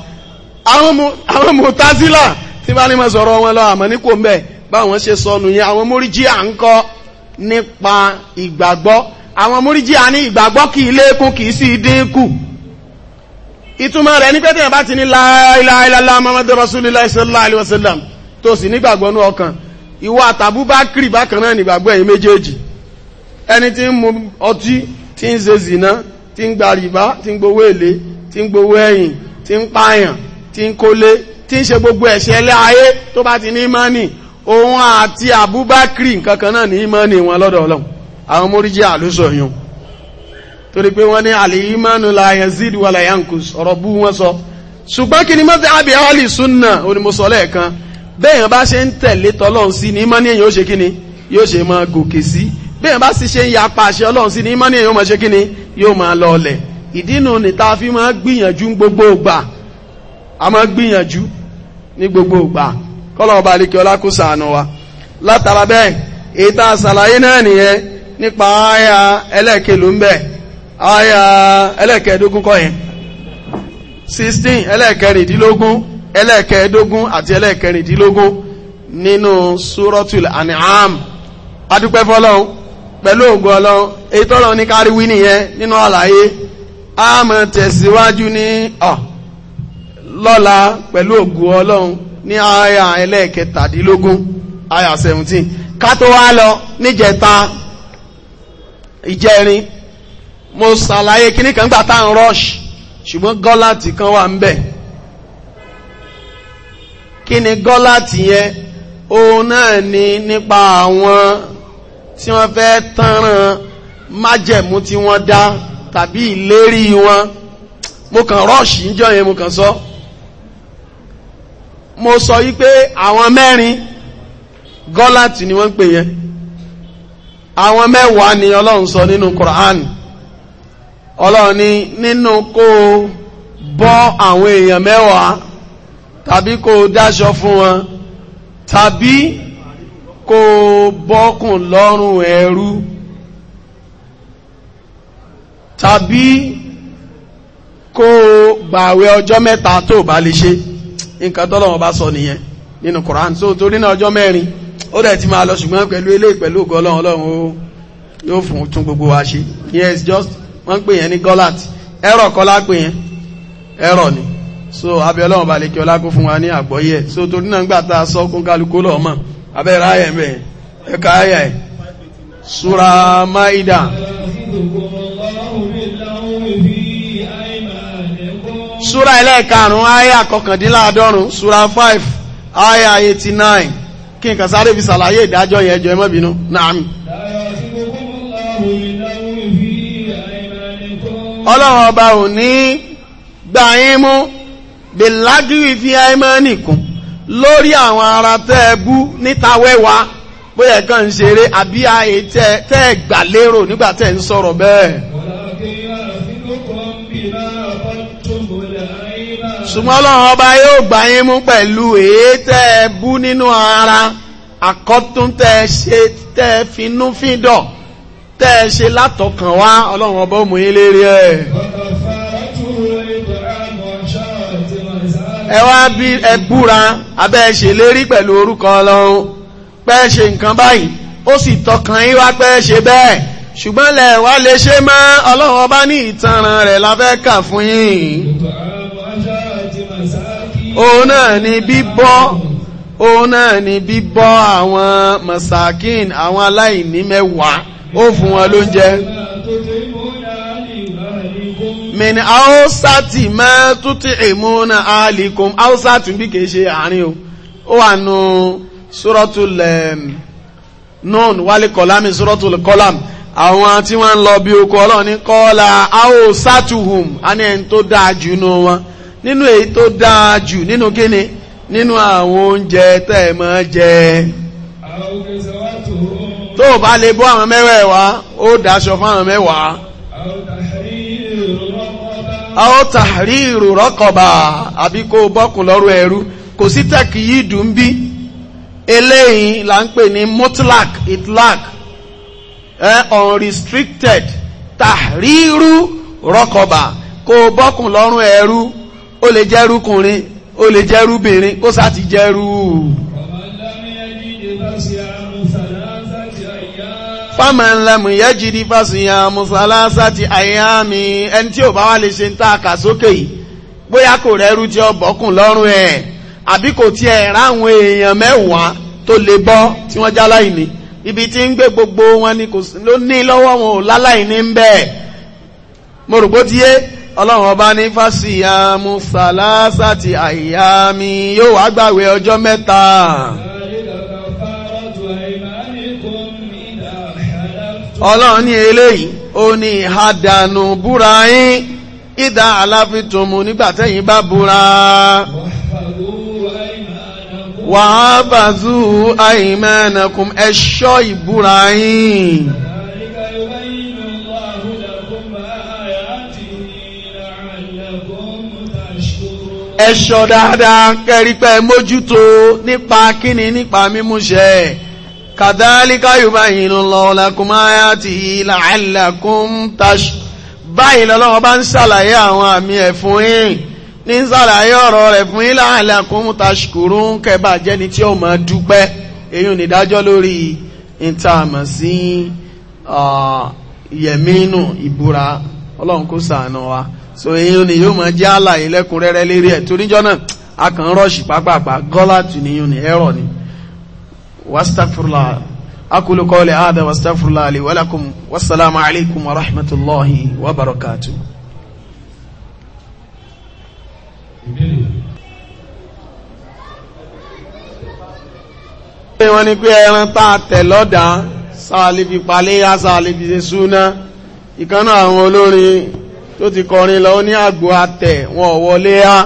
àwọn mutazila tí bá ní mọ́ sọ̀rọ̀ wọn lọ àmọ́ ní kò ń bẹ̀ báwọn ṣe sọnù yẹn àwọn móríjí à ń kọ́ nípa ìgbàgbọ́ àwọn móríjí à ní ìgbàgbọ́ kì í lékún kì í sì dínkù ìtumọ̀ rẹ̀ ní pé tẹ̀yàn bá ti ní la ilaha illallah muhammadur rasulullah sallallahu alaihi wasallam tó sì nígbàgbọ́ nú ọkàn ìwọ àtàbú bá kiri bákan náà nígbàgbọ́ ẹ̀yin méjèèjì ẹni tí ń mu ọtí tí ń ṣe zìnà tí ń gba rìbá tí ń gbowó èlé tí ń gbowó ẹ̀yìn tí ń pààyàn tí ń kólé tí ń ṣe gbogbo ẹ̀ṣẹ̀ ilé ayé tó bá ti ní ìmánì òun àti àbúbákìrì nǹkan kan náà ní ìmánì wọn lọ́dọ̀ ọlọ́run àwọn móríjì àlùsọ yun torí pé wọ́n ní àlè ìmánu la yazid wala yankus ọ̀rọ̀ bú wọn sọ ṣùgbọ́n kí ni mọ́tí àbí ọ́ọ̀lì súnà onímọ̀sọ̀ lẹ́ẹ̀kan bẹ́ẹ̀yàn bá ṣe ń tẹ̀lé tọ́lọ́run sí ni ìmánì èèyàn ó ṣe kí ni yóò ṣe máa gòkè sí bẹ́ẹ̀yàn bá sì ṣe ń yapa àṣẹ ọlọ́run sí ni ìmánì èèyàn ó máa ṣe kí yóò máa lọ ọlẹ̀ ìdínú ni ta fi máa gbìyànjú gbogbo ògbà a máa gbìyànjú ní gbogbo ògbà kọ́lọ̀ ọba wa látara bẹ́ẹ̀ ètà àsàlàyé náà nìyẹn nípa àyà ẹlẹ́kẹ̀lú ń bẹ̀ 16 ẹlẹ́kẹ̀rìndínlógún ẹlẹ́kẹ̀ẹ́dógún àti ẹlẹ́kẹ̀rìndínlógún nínú adúpẹ́ pẹ̀lú ògùn a máa tẹ̀síwájú ní ọ̀ lọ́la pẹ̀lú ògùn ọlọ́run ní àyà ẹlẹ́ẹ̀kẹtàdínlógún àyà 17 ká tó wá lọ níjẹta ìjẹrin mo ṣàlàyé kíní kan gbà tá à ń rush ṣùgbọ́n gọ́láàtì kan wà ń bẹ̀ kí ni gọ́láàtì yẹn òun náà ni nípa àwọn tí wọ́n fẹ́ tanran májẹ̀mú tí wọ́n dá tàbí ìlérí wọn mo kàn rọ́ọ̀ṣì ń jọ yẹn mo kàn sọ mo sọ yí pé àwọn mẹ́rin gọ́láàtì ni wọ́n ń pè yẹn àwọn mẹ́wàá ni ọlọ́run sọ nínú Quran ọlọ́run ni nínú kó o bọ́ àwọn èèyàn mẹ́wàá tàbí kó o dáṣọ fún wọn tàbí kó bọ́kùn lọ́rùn ẹrú tàbí kó gbàwẹ̀ ọjọ́ mẹ́ta tó bá lè ṣe nǹkan tọ́lọ́wọ́ bá sọ nìyẹn nínú Koran so torí náà ọjọ́ mẹ́rin ó dẹ̀ ti máa lọ ṣùgbọ́n pẹ̀lú eléyìí pẹ̀lú ògo Ọlọ́run Ọlọ́run ó yóò fún tún gbogbo wa ṣe yes just wọ́n pè yẹn ní gọ́lát ẹ̀rọ kọ́lá pè yẹn ẹ̀rọ ni so abẹ́ Ọlọ́run bá lè kí ọlá kó fún wa ní àgbọ́yé ẹ̀ so torí náà gbà tá a sọ kún kálukú lọ́ọ̀mọ́ abẹ́rẹ́ ayẹ̀ mẹ́ ẹ̀ka ayẹ̀ sura maida súra ẹlẹ́ẹ̀karùn-ún àyà kọkàndínláàdọ́rùn súra 5 àyà 89 kí n kà sáré fi sàlàyé ìdájọ́ yẹn jọ ẹ bínú naam ọlọ́run ọba ò ní gbà yín mú bèlágìrì fi àìmánìkùn lórí àwọn ara tẹ́ ẹ bú níta wẹ́wàá bóyá kan ń ṣeré àbí àyè tẹ́ ẹ gbà lérò nígbà tẹ́ ń sọ̀rọ̀ bẹ́ẹ̀ ṣùgbọ́n ọlọ́run ọba yóò gbà yín mú pẹ̀lú èé tẹ́ ẹ bú nínú ara àkọ́tún tẹ́ ẹ ṣe tẹ́ ẹ finú fídọ̀ tẹ́ ẹ ṣe látọkàn wá ọlọ́run ọba ó mú yín lérí ẹ̀. ẹ wá bí ẹ búra abẹ́ ẹ ṣe lérí pẹ̀lú orúkọ ọlọ́run pẹ́ ẹ ṣe nǹkan báyìí ó sì tọkàn yín wá pẹ́ ẹ ṣe bẹ́ẹ̀ ṣùgbọ́n lẹ̀ wá lè ṣe mọ́ ọlọ́run ọba ní ìtanràn rẹ̀ la kà fún yín òun náà ni bíbọ́ òun náà ni bíbọ́ àwọn masakin àwọn aláìní mẹ́wàá ó fún wọn lóúnjẹ. mìnì haúsá tì mọ́ tútì ìmúna àlìkùn haúsá tì bí kìí ṣe àárín o ó wà nù suratul nun wálé kọlámì suratul kọlámì àwọn tí wọ́n ń lọ bí oko ọlọ́ọ̀ni kọ́lá haúsá tuhùm á ní ẹni tó dáa jù nù wọn nínú èyí tó dáa jù nínú kíni nínú àwọn oúnjẹ tẹ́ ẹ máa jẹ tó o bá lè bọ́ àwọn mẹ́wẹ̀ẹ̀wá ó dáṣọ fún àwọn mẹ́wàá a ó tàrí ìrù rọ́kọ̀bà àbí kó o bọ́kùn lọ́rùn ẹ̀rú kò sí tẹ́kì yìí dùn bí eléyìí là ń pè ní mutlak itlak eh, unrestricted tàrí ìrù rọ́kọ̀bà kó o bọ́kùn lọ́rùn ó lè jẹ́rú kùnrin ó lè jẹ́rú bìnrin kó sá ti jẹ́rú. fáman lam yajidi fasiyamu salasati ayami ẹni tí ò bá wá lè ṣe ń ta àkà sókè yìí bóyá kò rẹ́rú tí ó bọ́kùn lọ́rùn ẹ̀ àbí kò tiẹ̀ ráwọn èèyàn mẹ́wàá tó lè bọ́ tí wọ́n já láìní ibi tí ń gbé gbogbo wọn ni kò ní lọ́wọ́ wọn ò láláìní ń bẹ́ẹ̀ mo rò bó ti yé ọlọ́run ọba ní fásiyàmù sàlásà ti àyàmì yóò wá gbàwé ọjọ́ mẹ́ta. ọlọ́run ní eléyìí ó ní ìhàdànù búra yín ìdá aláfitùmù nígbà tẹ́yìn bá búra. wàhábàzú àìmánakùn ẹ̀ṣọ́ ìbúra yín. ẹ̀ṣọ́ dáadáa kẹrí pé mójútó nípa kíni nípa mímúṣẹ kàdálíkà yubayyinu Allahu lakum ayatihi la'allakum tash báyìí lọ́lọ́wọ́ bá ń ṣàlàyé àwọn àmì ẹ̀ fún yín ní ṣàlàyé ọ̀rọ̀ rẹ̀ fún yín la'allakum tashkurun kẹba jẹ́ni tí ó máa dúpẹ́ èyí nìdájọ́ lórí ìtààmà sí ah, yẹ̀mínú ìbúra ọlọ́run kó ṣàánú wa so èyí ni yóò máa jẹ́ àlàyé lẹ́kùnrẹ́rẹ́ lérí ẹ̀ torí jọ náà a kàn rọ́ọ̀ṣì pápápá gọ́làtù nìyàn ni ẹ̀rọ ni wastagfirullah aqulu qawli hadha wastagfirullah li wa lakum wassalamu alaykum wa rahmatullahi wa barakatuh pé wọ́n ní pé ẹran tá a sáà lè fi paléyà sáà lè fi ṣe súná ìkan àwọn olórin tó ti kọrin lọ ní àgbò àtẹ̀ wọn ò wọlé á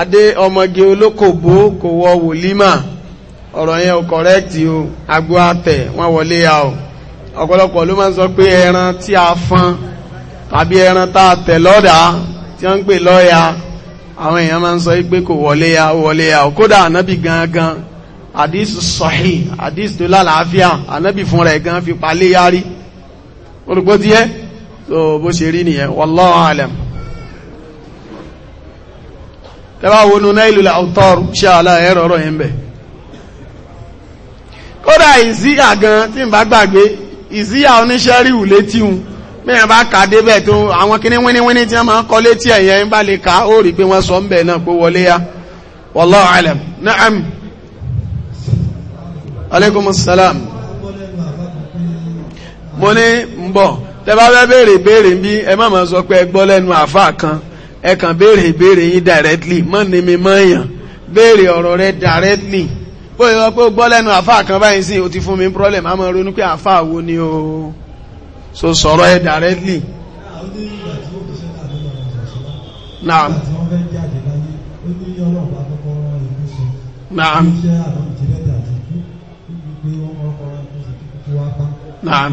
adé ọmọge olókòbó kò wọ wòlímà ọ̀rọ̀ yẹn ò kọ̀rẹ́kìtì o àgbò àtẹ̀ wọn wọlé á o ọ̀pọ̀lọpọ̀ ló máa ń sọ pé ẹran tí a fọn tàbí ẹran tá a tẹ̀ lọ́dàá tí wọ́n ń pè lọ́ya àwọn èèyàn máa ń sọ pé kò wọlé ya wọlé ya kódà ànábì gangan àdísù sọ̀hìn àdísù tó lálàáfíà ànábì fúnra ẹ̀ gan fi palé yárí olùgbò díẹ̀ so bó ṣe rí nìyẹn wallahu alam tẹ́bá wọnú Nailul ṣe àlá ẹ̀rọ yẹn bẹ̀ kódà ìzíyà gan tí n bá gbàgbé ìzíyà oníṣẹ́ létí hun mẹ́rin bá kà kíní wíníwíní tí wọ́n máa ń kọ́ létí ó rí pé wọ́n sọ ń bẹ̀ náà wọlé ya salam mo ní tẹ́bá béèrè béèrè bí ẹ má máa sọ pé ẹ gbọ́ lẹ́nu àáfàá kan ẹ kàn béèrè béèrè yín directly mọ́ ni mi mọ́ yàn béèrè ọ̀rọ̀ rẹ directly bó yọ pé ó gbọ́ lẹ́nu àáfàá kan báyìí sí o ti fún mi problem àmọ́ ronú pé àáfàá wo ni o so sọ̀rọ̀ ẹ directly. naam. naam. naam.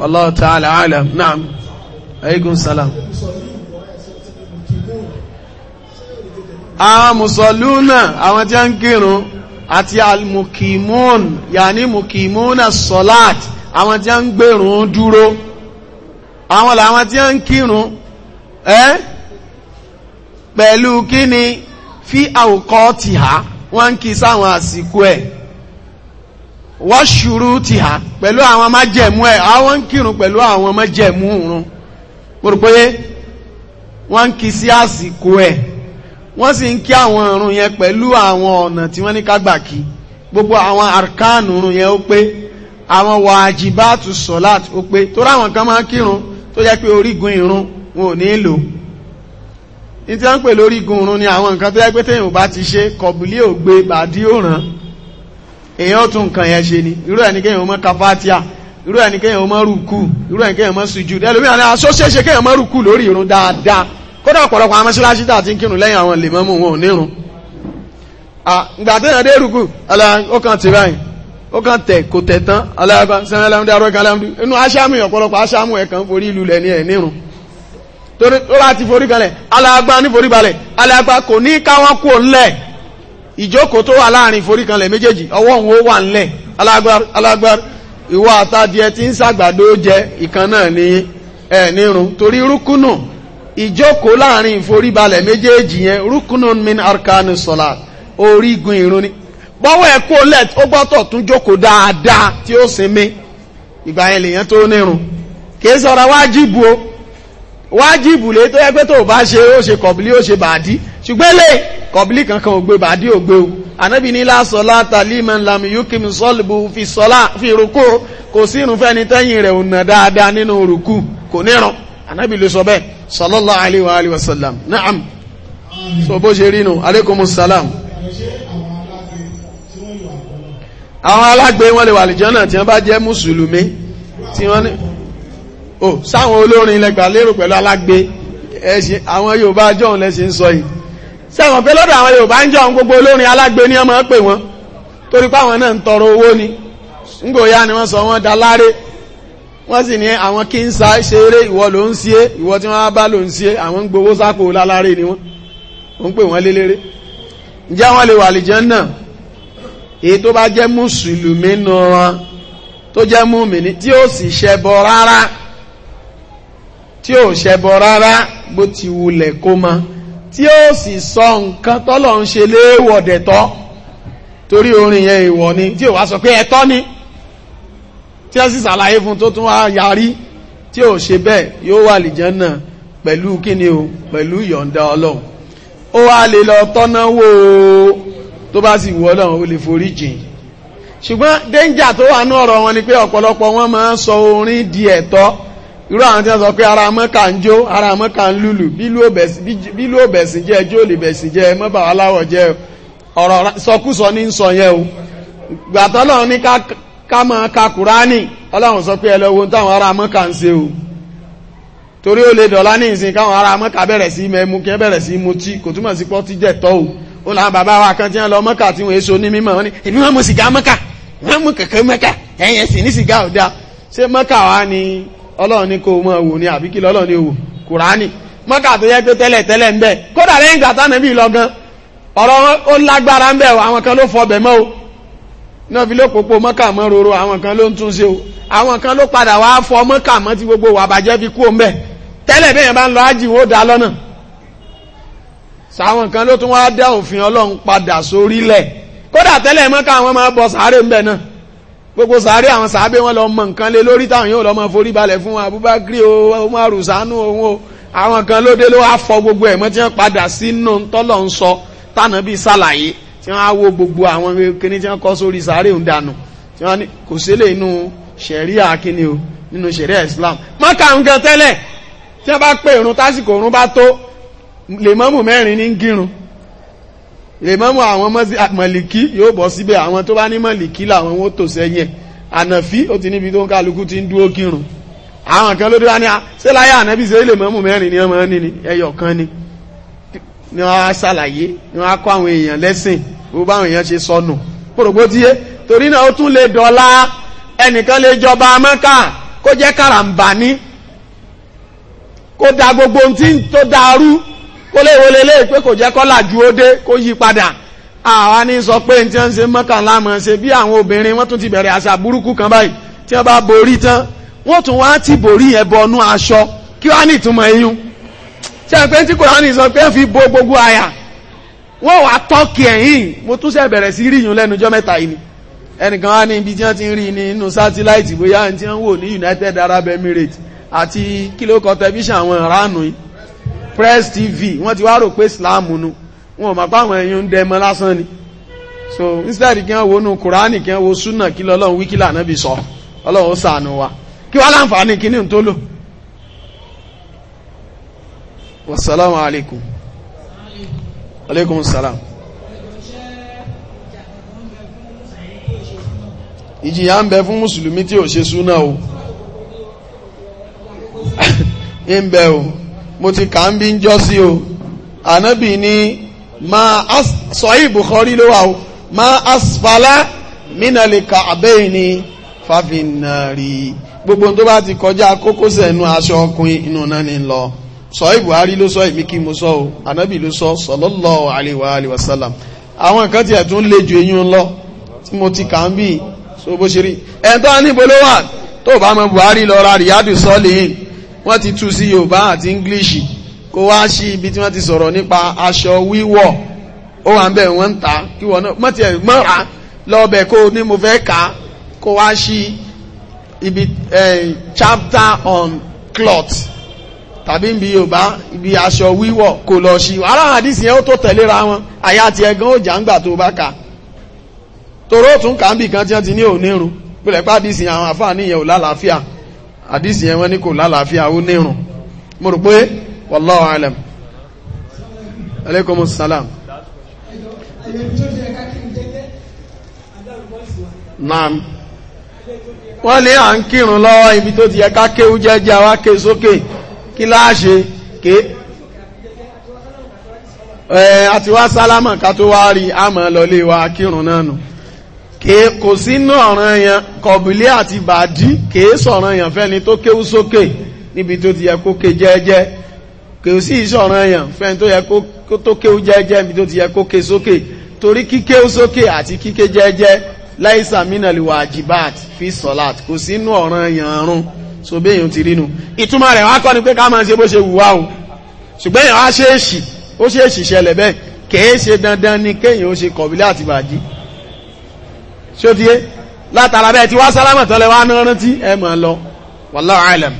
الله تعالى عالم نعم alaikum السلام. àwọn mùsọ̀lúnà àwọn tí a ń kírun àti almukimun yàní mukimuna sọ́láàt àwọn tí a ń gbèrún dúró àwọn làwọn tí a ń kírun ẹ́ pẹ̀lú fi àwòkọ́ ti ha wọ́n ń kí sáwọn wọ́n ṣùrú ti hà pẹ̀lú àwọn májẹ̀mú ẹ̀ àwọn ń kírun pẹ̀lú àwọn májẹ̀mú òrun pòròpóyé wọ́n ń kí sí àsìkò ẹ̀ wọ́n sì ń kí àwọn ìrun yẹn pẹ̀lú àwọn ọ̀nà tí wọ́n ní kágbà kí gbogbo àwọn arkanu ìrun yẹn ó pé àwọn wàjibátù sọ̀láàt ó pé torí àwọn kan máa kírun tó jẹ́ pé orígun ìrun wọn ò ní lò ní tí wọ́n ń pè lórígun ìrun ni àwọn nǹkan tó jẹ́ pé téèyàn bá ti ṣe kọ̀bùlé ògbé bàdí òràn èyàn tún nǹkan yẹn ṣe ni irú ẹni kéèyàn mọ́ kafatia irú ẹni kéèyàn mọ́ rúkú irú ẹni kéèyàn mọ́ sujud ẹlòmí àwọn aṣọ ṣeéṣe kéèyàn mọ́ rúkú lórí irun dáadáa kódà ọ̀pọ̀lọpọ̀ àwọn mọ́ṣáláṣí tà ti ń kírun lẹ́yìn àwọn lèmọ́mù wọn ò nírun ìgbà téèyàn dé rúkú ọlá ó kàn ti báyìí ó kàn tẹ̀ kò tẹ̀ tán aláàbá sẹ́yìn aláàmúdé arọ́ kan aláàmúdé inú aṣáàmù ọ̀pọ̀lọpọ̀ aṣáàmù ẹ̀ kan forí ìlú lẹ̀ ní ẹ̀ nírun torí ó bá ti ìjókòó tó wà láàrin ìforíkanlẹ̀ méjèèjì ọwọ́ òun ó wà ńlẹ̀ alágbára alágbára ìwọ àtàdìẹ tí ń ṣàgbàdo jẹ ìkan náà ní ẹ nírun torí rúkúnù ìjókòó láàrin ìforíbalẹ̀ méjèèjì yẹn rúkúnù min arkanu salat orígun ìrun ni bọ́wọ́ ẹ̀ kó lẹ̀ ó gbọ́tọ̀ tún jókòó dáadáa tí ó sinmi ìgbà yẹn lèyàn tó nírun kìí sọ̀rọ̀ wájìbù o wájìbù lè tó yẹ pé tó bá ṣe ó ṣe kọ̀bílí ó ṣe bàdí ṣùgbọ́n lè kọ̀bílì kankan ògbé bàdí ògbé o ànábì ní lásọ látàlí mẹ́ńlámi yókè mi sọ́ọ̀lùbù fi sọ́lá fi rúkú kò sí irunfẹ́ ni tẹ́yìn rẹ̀ ò nà dáadáa nínú rúkú kò níran ànábì ló sọ bẹ́ẹ̀ sallallahu alaihi wa alihi wa sallam naam so bó ṣe rí nu aleykum salam. àwọn alágbe wọn lè wà àlùjànnà tí wọ́n bá jẹ́ mùsùlùmí tí wọ́n ní o oh, sáwọn olórin lẹgbàá lérò pẹ̀lú alágbe ẹ̀sìn àwọn Yorùbá jọ̀hún lẹ́sìn sọ yìí sẹ́wọ̀n pé lọ́dọ̀ àwọn Yorùbá ń jọ ohun gbogbo olórin alágbe ní ọmọ pè wọ́n torí páwọn náà ń tọrọ owó ni ngbòyà ni wọ́n sọ wọ́n daláré wọ́n sì ní àwọn kí ń sa ṣeré ìwọ ló ń ṣe ìwọ tí wọ́n bá ló ń ṣe àwọn ń gbowó sápò láláré ni wọ́n ó ń pè wọ́n léléré ǹjẹ́ wọ́n lè wà lìjẹ́ náà èyí tó bá jẹ́ mùsùlùmí nù wọn tó jẹ́ mùmìnì tí ó sì ṣẹbọ rárá tí ó ṣẹbọ rárá bó ti wulẹ̀ kó máa tí ó sì sọ nǹkan tọ́lọ̀ ń ṣe léèwọ̀dẹ̀ tọ́ torí orin yẹn èèwọ̀ ni tí ò wá sọ pé ẹ̀tọ́ ni tí ó sì ṣàlàyé fún tó tún wá yarí tí ò ṣe bẹ́ẹ̀ yóò wà lìjẹ́ náà pẹ̀lú kíni o pẹ̀lú ìyọ̀ǹda ọlọ́run ó wá lè lọ wo tó bá sì wù ọlọ́run ó lè forí jìn ṣùgbọ́n déńjà tó wà ní ọ̀rọ̀ wọn ni pé ọ̀pọ̀lọpọ̀ wọn máa ń sọ orin di ẹ̀tọ́ irú àwọn tí wọ́n sọ pé ara mọ́kà ń jó ara mọ́kà ń lùlù bílú òbẹ̀sìn jẹ́ jó lè bẹ̀sìn jẹ́ mọ́bà aláwọ̀ jẹ́ ọ̀rọ̀ sọkúsọ ní ń sọ yẹn o gbàtọ́lọ́run ní ká mọ́ ka kùránì ọlọ́run sọ pé ẹ lọ wo táwọn ará mọ́kà ń ṣe o torí ó lè dọ̀lá ní ìsìn káwọn ará mọ́kà bẹ̀rẹ̀ sí mẹ́mú kí bẹ̀rẹ̀ sí mu tí kò túmọ̀ sí pọ́ jẹ́ tọ́ o ó làwọn bàbá wa kan tí wọ́n lọ mọ́kà tí wọ́n èso ní mímọ́ wọn ni èmi wọn mu sìgá mọ́kà wọn mu kẹ̀kẹ́ mọ́kà ẹ̀yẹ sì ní sìgá ò ṣé mọ́kà wa ni ọlọ́run ni kó mọ́ wò ní àbí kí lọ́lọ́run ní wò kùránì mọ́kà tó yẹ pé tẹ́lẹ̀ tẹ́lẹ̀ ń bẹ kódà lẹ́yìn ìgbà tánà bí lọ́gán ọ̀rọ̀ ó lágbára ń bẹ àwọn kan ló fọbẹ̀ mọ́ o náà fi lópòpó mọ́kà mọ́ roro àwọn kan ló ń tún ṣe o àwọn kan ló padà wá fọ mọ́kà mọ́ tí gbogbo wà bàjẹ́ fi kú òǹbẹ̀ tẹ́lẹ̀ bẹ́yẹn bá ń lọ ájì wó da lọ́nà sàwọn kan ló tún wá dá òfin ọlọ́run padà sórílẹ̀ kódà tẹ́lẹ̀ mọ́kà àwọn máa bọ̀ sáré ń bẹ náà gbogbo sàárè àwọn sàábé wọn lọ mọ nǹkan lé lórí táwọn yóò lọ mọ forí balẹ̀ fún Abubakar o Umaru sanu o àwọn kan lóde ló wá fọ gbogbo ẹ̀ mọ́ tí wọ́n padà sínú tọ́lọ̀ ń sọ tànà bíi sàlàyé tí wọ́n á wo gbogbo àwọn kíní tí wọ́n kọ́ sórí sàárè ń dànù tí wọ́n ní kò sílẹ̀ inú ṣẹ̀ríà kíní o nínú ṣẹ̀ríà Islam mọ́kà nǹkan tẹ́lẹ̀ tí wọ́n bá pè irun tásìkò irun bá tó lè mọ́mù mẹ́rin ní gírun ìrèmọ́mù àwọn mọ̀lìkí ah, yóò bọ̀ síbẹ̀ àwọn tó bá ní mọ̀lìkí làwọn wọn tò sẹ́yìn ànàfí ó ti níbi tó ń kálukú ti ń dúró kírun àwọn kan ló dúró ní a ah, ṣé láyé ànábì ṣe lè mọ́mù mẹ́rin ni ọmọ ní ni ẹyọ kan ni ni wọ́n á ṣàlàyé ni wọ́n á kọ́ àwọn èèyàn lẹ́sìn bó báwọn èèyàn ṣe sọnù pòrògbó tiye torí náà ó tún lè dọ́lá ẹnìkan lè jọba amẹ́ka kó jẹ́ kàràǹbání kó da gbogbo ohun tí tó dàrú kó lè wọlé lé pé kò jẹ́ kọ́là ju ó dé kó yí padà àwa ní sọ pé tí wọ́n ṣe mọ́kànlá mọ̀ ṣe bí àwọn obìnrin wọ́n tún ti bẹ̀rẹ̀ àṣà burúkú kan báyìí tí wọ́n bá borí tán wọ́n tún wá ti borí yẹn bọnú aṣọ kí wọ́n á ní ìtumọ̀ eyín ṣe é pé tí Kùránì sọ pé fi bo gbogbo àyà wọ́n wá tọ́kì ẹ̀yìn mo tún ṣe bẹ̀rẹ̀ sí ríyùn lẹ́nu ọjọ́ mẹ́ta yìí ni ẹnìkan wá ní ibi tí wọ́n ti ń rí nínú sátíláìtì bóyá tí wọ́n wò ní United Arab Emirates àti kílókọ tẹlifíṣàn àwọn ìránù yìí Press TV wọ́n ti wá rò pé Islam nu wọn ò mọ̀ pé àwọn ẹ̀yìn ń dẹmọ lásán ni so instead kí wọ́n wo nu Kùránì kí wọ́n wo súnà kí lọ́lọ́run wíkílà náà bí sọ ọlọ́run ó sànù wa kí wọ́n láǹfààní kí ní tó lò alaikum alaikum salaam ìjìyà ń bẹ fún mùsùlùmí tí ò ṣe súnà o ń bẹ o mo ti kà ń bí ń jọ́ sí o ànábì ní máa sọ Bukhari ló wà o máa asfala mínàlè ka àbẹ́yìn ní fàfinàrí gbogbo tó bá ti kọjá kókósẹ̀ inú aṣọ ọkùnrin inú náà ni lọ sọ buhari ló sọ èmi kí mo sọ o ànábì ló sọ sallallahu alaihi wa alihi wasallam àwọn nǹkan tí ẹ̀tún lè ju eyín lọ tí mo ti kà ń bí so bó ṣe rí ẹ̀tọ́ níbo ló wà tó bá mọ Buhari lọ ra Riyadu Solihin wọ́n ti tú sí yorùbá àti english kó wá sí ibi tí wọ́n ti sọ̀rọ̀ nípa aṣọ wíwọ̀ ó wà ń bẹ̀ wọ́n ń ta kí wọ́n náà mọ́tì ẹ̀ mọ́ra lọ́ọ̀bẹ̀ kó ní mo fẹ́ kà á kó wá sí ibi chapter on cloth tàbí ibi yorùbá ibi aṣọ wíwọ̀ kò lọ sí ara àdìsí yẹn ó tó tẹ̀léra wọn àyà ti ẹ̀gán ó jà ń gbà tó bá kà toró tún kà ń bì kan tí wọ́n ti ní ònírun pẹ̀lẹ́pàdìsí àwọn àfáà níyẹn ò lálàáfíà àdísì yẹn wọ́n ní kò lálàáfíà ó nírun mo rò pé wallahu alam alaikum salam naam wọ́n ní à ń kírun lọ́wọ́ ibi tó ti yẹ ká kéwú jẹ́jẹ́ àwa ké sókè kí láàṣe ké ẹ̀ àti wá sálámà ká tó wá rí àmọ́ lọlé wa kírun náà nù kò sínú ọ̀ràn yẹn kọ̀bùlé àti bàdí kìí sọ̀ràn yẹn fẹ́ni tó kéwú sókè níbi tó ti yẹ kó ké jẹ́ẹ́jẹ́ kìí sí ìṣọ̀ràn yẹn fẹ́ni tó yẹ kó tó kéwú jẹ́ẹ́jẹ́ níbi tó ti yẹ kó ké sókè torí kíkéwú sókè àti kíké jẹ́ẹ́jẹ́ láìsà mínàlì wàjibat fi sọ̀lát kò sínú ọ̀ràn yẹn rún so béèyàn ti rínu ìtumọ̀ rẹ̀ wá kọ́ ni pé ká máa ṣe bó ṣe wù wá o ṣùgbọ́n èèyàn á ṣe èṣì ó ṣe èṣì ṣẹlẹ̀ bẹ́ẹ̀ kìí ṣe dandan ni kéèyàn ó ṣe kọ̀bùlé àti bàdí ṣé ó ti yé látara bẹ́ẹ̀ tí wá sálámà tọ́lẹ̀ wá náà rántí ẹ máa lọ wallahu alam